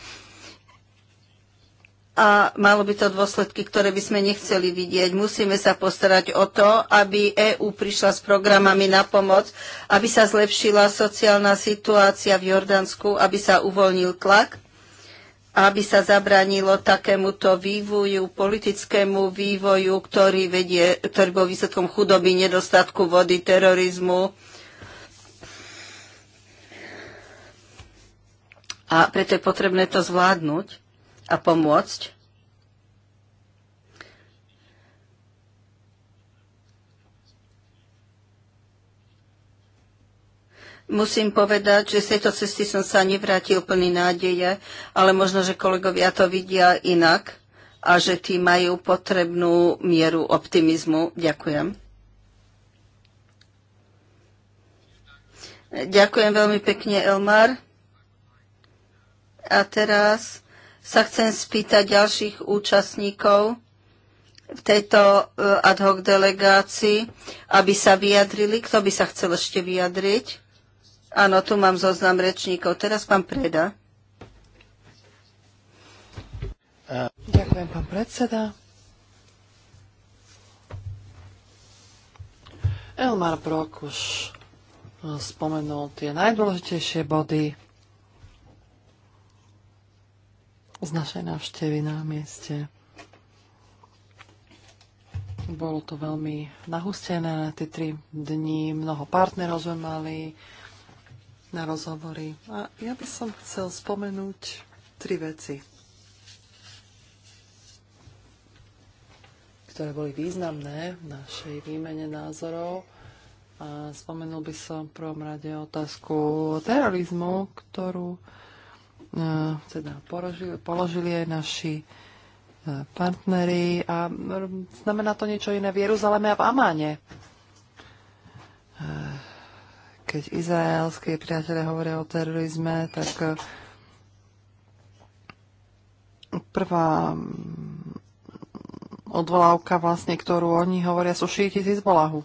a malo by to dôsledky, ktoré by sme nechceli vidieť. Musíme sa postarať o to, aby EÚ prišla s programami na pomoc, aby sa zlepšila sociálna situácia v Jordánsku, aby sa uvoľnil tlak aby sa zabránilo takémuto vývoju, politickému vývoju, ktorý, vedie, ktorý bol výsledkom chudoby, nedostatku vody, terorizmu. A preto je potrebné to zvládnuť a pomôcť. Musím povedať, že z tejto cesty som sa nevrátil plný nádeje, ale možno, že kolegovia to vidia inak a že tí majú potrebnú mieru optimizmu. Ďakujem. Ďakujem veľmi pekne, Elmar. A teraz sa chcem spýtať ďalších účastníkov v tejto eh, ad hoc delegácii, aby sa vyjadrili. Kto by sa chcel ešte vyjadriť? Áno, tu mám zoznam rečníkov. Teraz pán Preda. Ďakujem, pán predseda. Elmar Brok už eh, spomenul tie najdôležitejšie body z našej návštevy na mieste. Bolo to veľmi nahustené na tie tri dni. Mnoho partnerov sme mali, na rozhovory. A ja by som chcel spomenúť tri veci, ktoré boli významné v našej výmene názorov. A spomenul by som v prvom rade otázku terorizmu, ktorú e, teda položili, položili aj naši e, partneri a znamená to niečo iné v Jeruzaleme a v Amáne keď izraelské priatelia hovoria o terorizme, tak eh, prvá mm, odvolávka vlastne, ktorú oni hovoria, sú šíti z Izbolahu.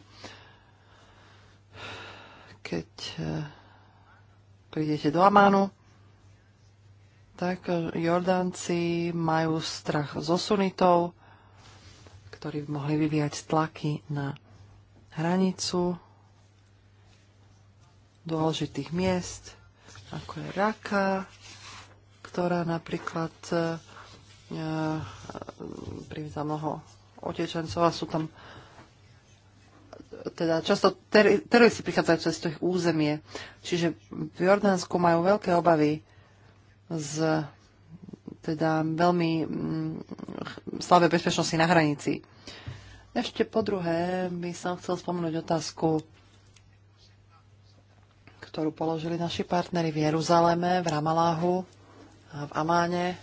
Keď eh, prídete do Amánu, tak eh, Jordánci majú strach zo sunitov, ktorí mohli vyvíjať tlaky na hranicu dôležitých miest, ako je Raka, ktorá napríklad e, e privíta mnoho otečencov a sú tam teda často ter- teroristi prichádzajú cez to ich územie. Čiže v Jordánsku majú veľké obavy z teda veľmi mm, slabé bezpečnosti na hranici. Ešte po druhé by som chcel spomenúť otázku ktorú položili naši partnery v Jeruzaleme, v Ramaláhu a v Amáne.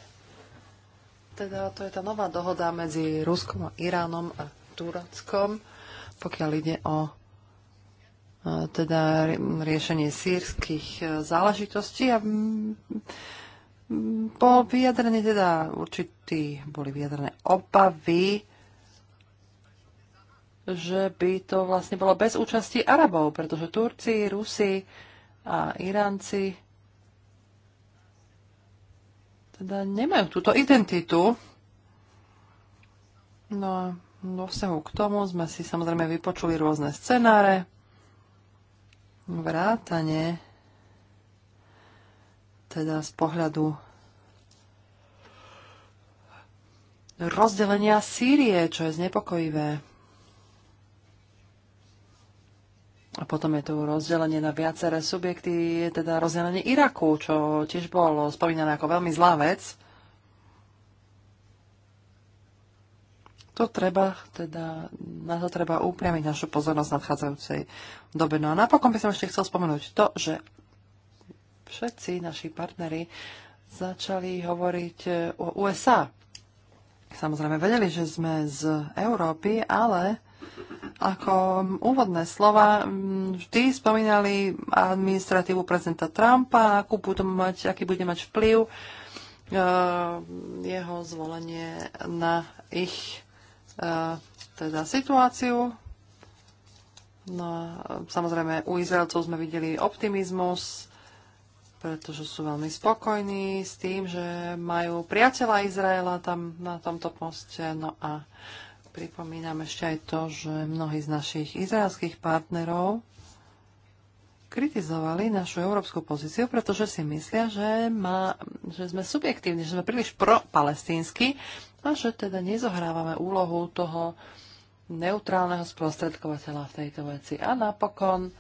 Teda to je tá nová dohoda medzi Ruskom a Iránom a Tureckom, pokiaľ ide o e, teda riešenie sírskych e, záležitostí a mm, mm, po vyjadrení teda určitý, boli vyjadrené obavy, že by to vlastne bolo bez účasti Arabov, pretože Turci, Rusi a Iránci teda nemajú túto identitu. No a do vzťahu k tomu sme si samozrejme vypočuli rôzne scenáre, vrátane teda z pohľadu rozdelenia Sýrie, čo je znepokojivé. A potom je tu rozdelenie na viaceré subjekty, je teda rozdelenie Iraku, čo tiež bolo spomínané ako veľmi zlá vec. To treba, teda, na to treba upriamiť našu pozornosť nadchádzajúcej dobe. No a napokon by som ešte chcel spomenúť to, že všetci naši partneri začali hovoriť o USA. Samozrejme, vedeli, že sme z Európy, ale ako úvodné slova mm, vždy spomínali administratívu prezidenta Trumpa, akú budú mať, aký bude mať vplyv e, jeho zvolenie na ich e, teda situáciu. No a samozrejme u Izraelcov sme videli optimizmus, pretože sú veľmi spokojní s tým, že majú priateľa Izraela tam na tomto poste. No a Pripomínam ešte aj to, že mnohí z našich izraelských partnerov kritizovali našu európsku pozíciu, pretože si myslia, že, má, že sme subjektívni, že sme príliš pro-palestínsky a že teda nezohrávame úlohu toho neutrálneho sprostredkovateľa v tejto veci. A napokon,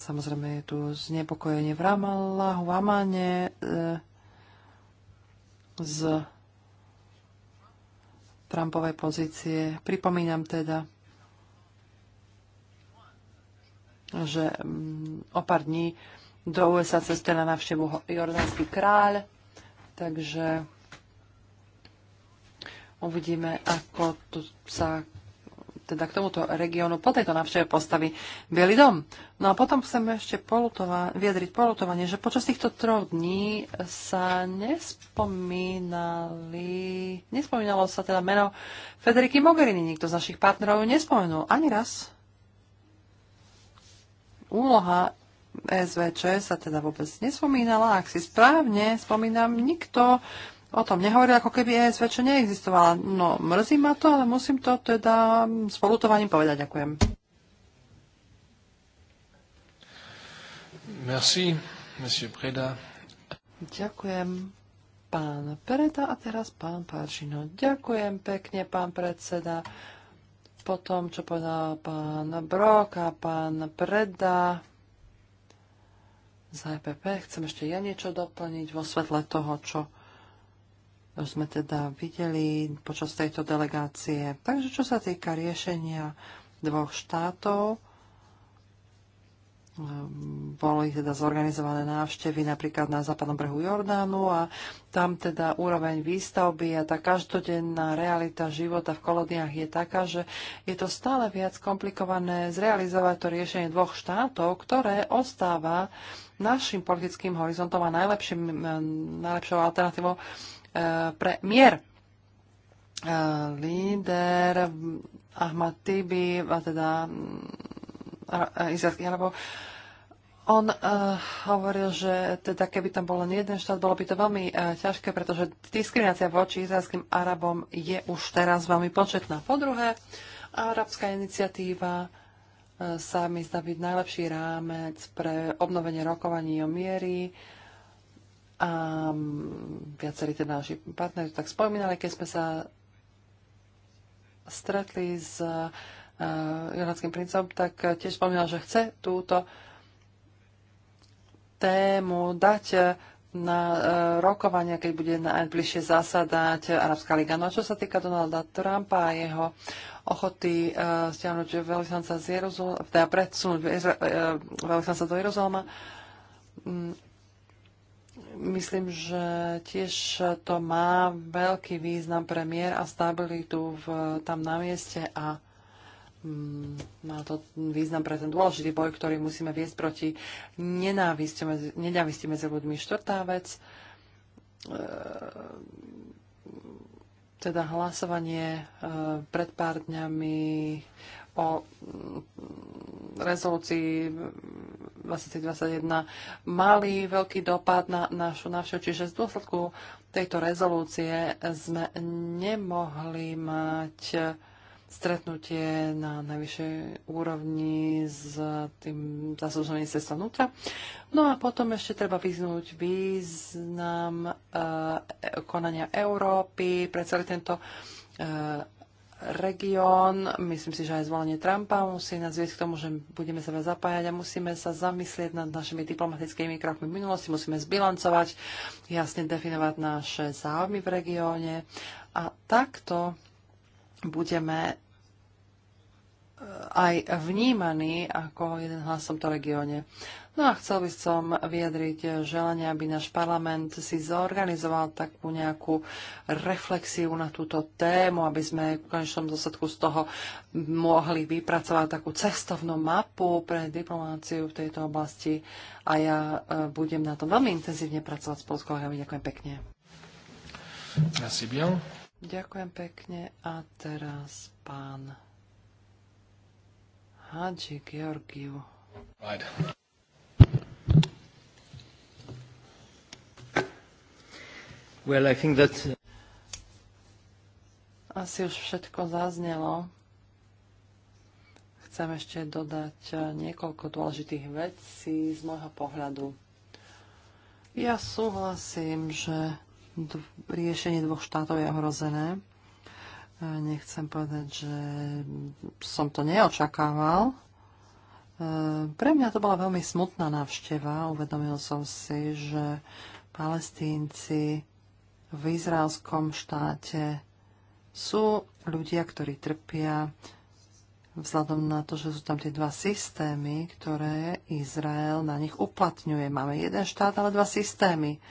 samozrejme je tu znepokojenie v Ramallahu, v Amane, e, z Trumpovej pozície. Pripomínam teda, že mm, o pár dní do USA cestuje na návštevu jordánsky kráľ, takže uvidíme, ako tu sa teda k tomuto regiónu po tejto návšteve postaví Bielý dom. No a potom chceme ešte polutova- vyjadriť polutovanie, že počas týchto troch dní sa nespomínali, nespomínalo sa teda meno Federiky Mogherini. Nikto z našich partnerov nespomenul ani raz. Úloha SVČ sa teda vôbec nespomínala. Ak si správne spomínam, nikto o tom nehovoril, ako keby ESV čo neexistovala. No, mrzí ma to, ale musím to teda s polutovaním povedať. Ďakujem. Merci, monsieur Preda. Ďakujem, pán Preda a teraz pán Páčino. Ďakujem pekne, pán predseda. Po tom, čo povedal pán Brok a pán Preda, za EPP. Chcem ešte ja niečo doplniť vo svetle toho, čo sme teda videli počas tejto delegácie. Takže čo sa týka riešenia dvoch štátov, ehm, boli teda zorganizované návštevy napríklad na západnom brehu Jordánu a tam teda úroveň výstavby a tá každodenná realita života v kolóniách je taká, že je to stále viac komplikované zrealizovať to riešenie dvoch štátov, ktoré ostáva našim politickým horizontom a najlepším, ehm, najlepšou alternatívou E, pre mier. E, líder Ahmad Tibi, a teda mm, e, izraelský Arabov, on uh, hovoril, že teda keby tam bol len jeden štát, bolo by to veľmi uh, ťažké, pretože diskriminácia voči izraelským Arabom je už teraz veľmi početná. Po druhé, arabská iniciatíva uh, sa mi zdá byť najlepší rámec pre obnovenie rokovaní o miery. Uh, a viacerí teda naši partneri tak spomínali, keď sme sa stretli s uh, princom, tak tiež spomínal, že chce túto tému dať na uh, rokovania, keď bude najbližšie zasadať Arabská liga. No a čo sa týka Donalda Trumpa a jeho ochoty uh, stiahnuť veľvyslanca z Jeruzalema, teda predsunúť uh, veľvyslanca do Jeruzalema, Myslím, že tiež to má veľký význam pre mier a stabilitu v, tam na mieste a mm, má to význam pre ten dôležitý boj, ktorý musíme viesť proti nenávisti medzi, nenávisti medzi ľuďmi. Štvrtá vec, e, teda hlasovanie e, pred pár dňami o rezolúcii 2021 mali veľký dopad na našu návštevu, čiže z dôsledku tejto rezolúcie sme nemohli mať stretnutie na najvyššej úrovni s tým zaslúženým ministerstvom vnútra. No a potom ešte treba vyznúť význam uh, konania Európy pre celý tento uh, región. Myslím si, že aj zvolenie Trumpa musí nás viesť k tomu, že budeme sa zapájať a musíme sa zamyslieť nad našimi diplomatickými krokmi v minulosti, musíme zbilancovať, jasne definovať naše záujmy v regióne a takto budeme eh, aj vnímaní ako jeden hlas v tomto regióne. No a chcel by som vyjadriť želanie, aby náš parlament si zorganizoval takú nejakú reflexiu na túto tému, aby sme v konečnom dôsledku z toho mohli vypracovať takú cestovnú mapu pre diplomáciu v tejto oblasti a ja eh, budem na tom veľmi intenzívne pracovať s Polskou Ďakujem pekne. Merci bien. Ďakujem pekne. A teraz pán Hadži Georgiu. Right. Well, I think that... Uh, Asi už všetko zaznelo. Chcem ešte dodať uh, niekoľko dôležitých vecí z môjho pohľadu. Ja súhlasím, že riešenie dvoch štátov je ohrozené. E, nechcem povedať, že som to neočakával. E, pre mňa to bola veľmi smutná návšteva. Uvedomil som si, že palestínci v izraelskom štáte sú ľudia, ktorí trpia vzhľadom na to, že sú tam tie dva systémy, ktoré Izrael na nich uplatňuje. Máme jeden štát, ale dva systémy.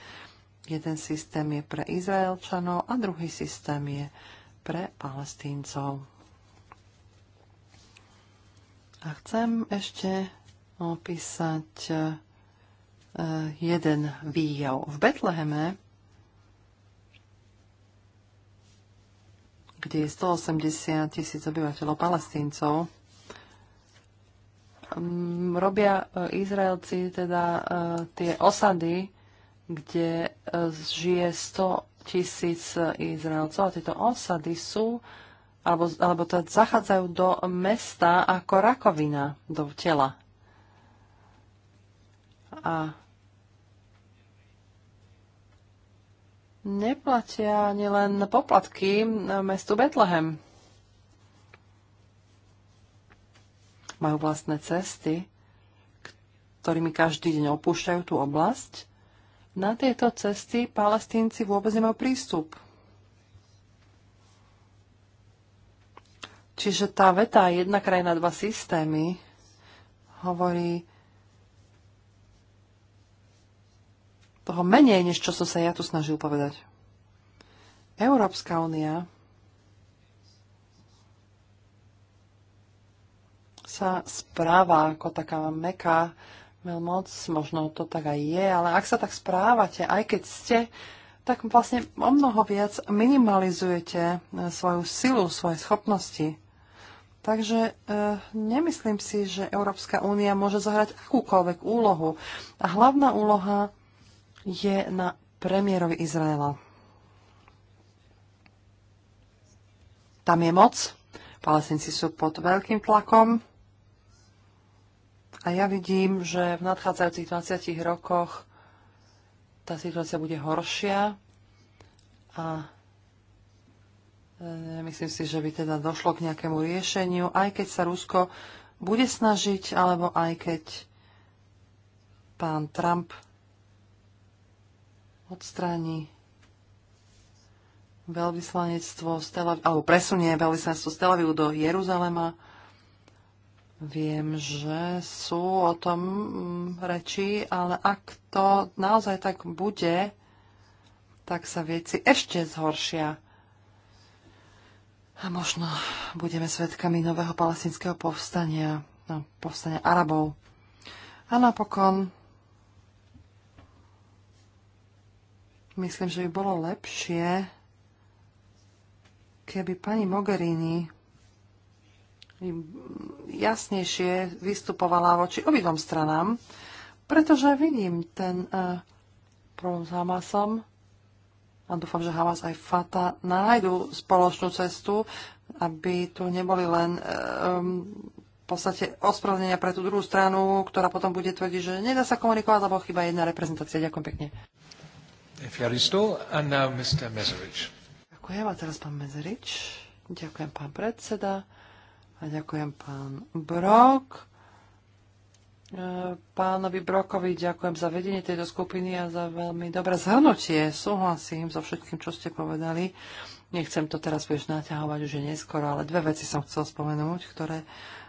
Jeden systém je pre Izraelčanov a druhý systém je pre Palestíncov. A chcem ešte opísať eh, jeden výjav. V Betleheme, kde je 180 tisíc obyvateľov palestíncov, mm, robia eh, Izraelci teda eh, tie osady kde e, žije 100 tisíc Izraelcov a tieto osady sú alebo, alebo to zachádzajú do mesta ako rakovina do tela. A neplatia nielen poplatky mestu Betlehem. Majú vlastné cesty, ktorými každý deň opúšťajú tú oblasť na tieto cesty palestínci vôbec nemajú prístup. Čiže tá veta jedna krajina, dva systémy hovorí toho menej, než čo som sa ja tu snažil povedať. Európska únia sa správa ako taká meká veľmoc, možno to tak aj je, ale ak sa tak správate, aj keď ste, tak vlastne o mnoho viac minimalizujete e, svoju silu, svoje schopnosti. Takže e, nemyslím si, že Európska únia môže zahrať akúkoľvek úlohu. A hlavná úloha je na premiérovi Izraela. Tam je moc, palestinci sú pod veľkým tlakom, a ja vidím, že v nadchádzajúcich 20 rokoch tá situácia bude horšia a e, myslím si, že by teda došlo k nejakému riešeniu, aj keď sa Rusko bude snažiť, alebo aj keď pán Trump odstráni veľvyslanectvo alebo presunie veľvyslanectvo z Avivu do Jeruzalema. Viem, že sú o tom mm, reči, ale ak to naozaj tak bude, tak sa veci ešte zhoršia. A možno budeme svedkami nového palestinského povstania, no, povstania Arabov. A napokon myslím, že by bolo lepšie, keby pani Mogherini jasnejšie vystupovala voči obidvom stranám, pretože vidím ten uh, problém s Hamasom a dúfam, že Hamas aj Fata nájdu spoločnú cestu, aby tu neboli len um, v podstate ospravedlenia pre tú druhú stranu, ktorá potom bude tvrdiť, že nedá sa komunikovať, lebo chyba jedna reprezentácia. Ďakujem pekne. Ďakujem a teraz pán Mezerič. Ďakujem, pán predseda. A ďakujem pán Brok. E, pánovi Brokovi ďakujem za vedenie tejto skupiny a za veľmi dobré zhrnutie. Súhlasím so všetkým, čo ste povedali. Nechcem to teraz už naťahovať, už je neskoro, ale dve veci som chcel spomenúť, ktoré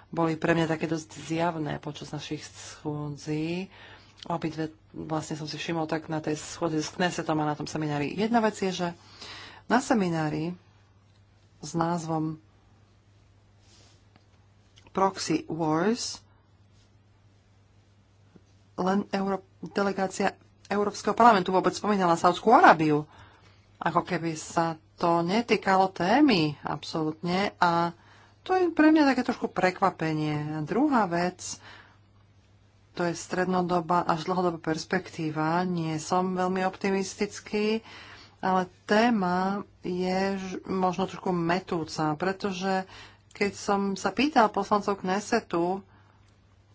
boli pre mňa také dosť zjavné počas našich schôdzí. Obidve vlastne som si všimol tak na tej schôdzi s Knesetom a na tom seminári. Jedna vec je, že na seminári s názvom proxy wars, len Euró- delegácia Európskeho parlamentu vôbec spomínala Saudskú Arábiu. Ako keby sa to netýkalo témy, absolútne. A to je pre mňa také trošku prekvapenie. A druhá vec, to je strednodoba až dlhodobá perspektíva. Nie som veľmi optimistický, ale téma je možno trošku metúca, pretože keď som sa pýtal poslancov Knesetu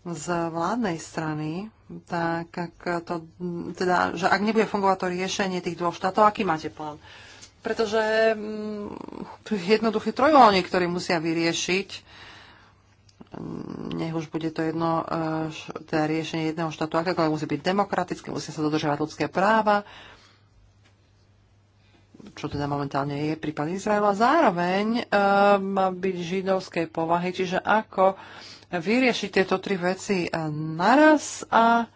z vládnej strany, tak ak to, teda, že ak nebude fungovať to riešenie tých dvoch štátov, aký máte plán? Pretože m, mm, jednoduchý trojuholník, ktorý musia vyriešiť, mm, nech už bude to jedno, e, teda riešenie jedného štátu, akékoľvek musí byť demokratické, musia sa dodržiavať ľudské práva, čo teda momentálne je prípad Izraela, zároveň eh, má byť židovskej povahy, čiže ako vyriešiť tieto tri veci naraz a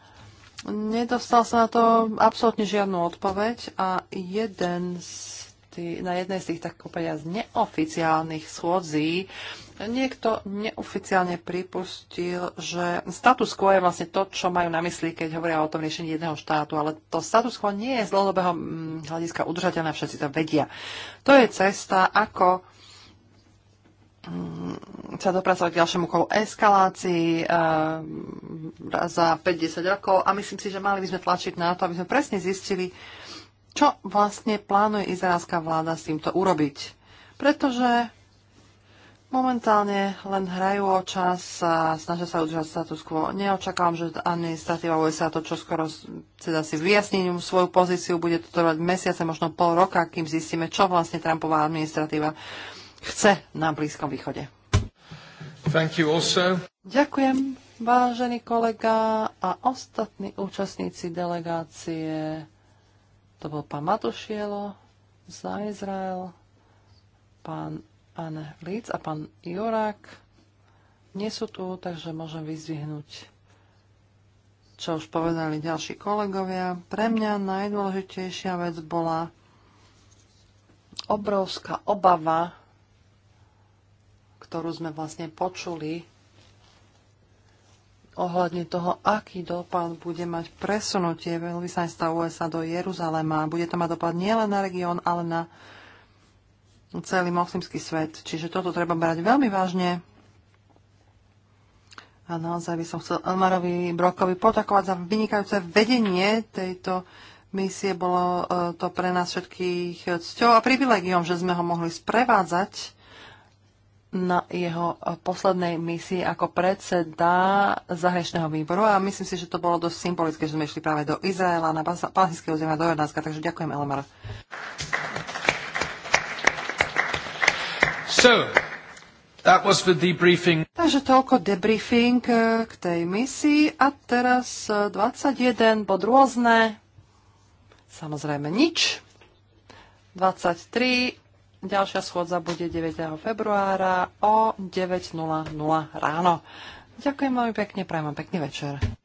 nedostal sa na to absolútne žiadnu odpoveď a jeden z tý, na jednej z tých tak povedať neoficiálnych schôdzí niekto neoficiálne pripustil, že status quo je vlastne to, čo majú na mysli, keď hovoria o tom riešení jedného štátu, ale to status quo nie je z dlhodobého mm, hľadiska udržateľné, všetci to vedia. To je cesta, ako mm, sa dopracovať k ďalšiemu kolu eskalácii e, za 50 rokov a myslím si, že mali by sme tlačiť na to, aby sme presne zistili, čo vlastne plánuje izraelská vláda s týmto urobiť. Pretože momentálne len hrajú o čas a snažia sa udržať status quo. Neočakávam, že administratíva USA to čo skoro teda si vyjasní svoju pozíciu, bude to trvať mesiace, možno pol roka, kým zistíme, čo vlastne Trumpová administratíva chce na Blízkom východe. Thank you also. Ďakujem, vážený kolega a ostatní účastníci delegácie to bol pán Matošielo za Izrael, pán Anne Líc a pán Jurák. Nie sú tu, takže môžem vyzvihnúť, čo už povedali ďalší kolegovia. Pre mňa najdôležitejšia vec bola obrovská obava, ktorú sme vlastne počuli ohľadne toho, aký dopad bude mať presunutie veľvyslanectva USA do Jeruzalema. Bude to mať dopad nielen na región, ale na celý moslimský svet. Čiže toto treba brať veľmi vážne. A naozaj by som chcel Elmarovi Brokovi potakovať za vynikajúce vedenie tejto misie. Bolo eh, to pre nás všetkých cťou a privilegiom, že sme ho mohli sprevádzať na jeho poslednej misii ako predseda zahraničného výboru a myslím si, že to bolo dosť symbolické, že sme išli práve do Izraela, na palestinského územia, do Jordánska, takže ďakujem Elmar. So, that was the debriefing. Takže toľko debriefing eh, k tej misii a teraz 21 eh, bod rôzne, samozrejme nič, 23 Ďalšia schôdza bude 9. februára o 9.00 ráno. Ďakujem veľmi pekne, prajem vám pekný večer.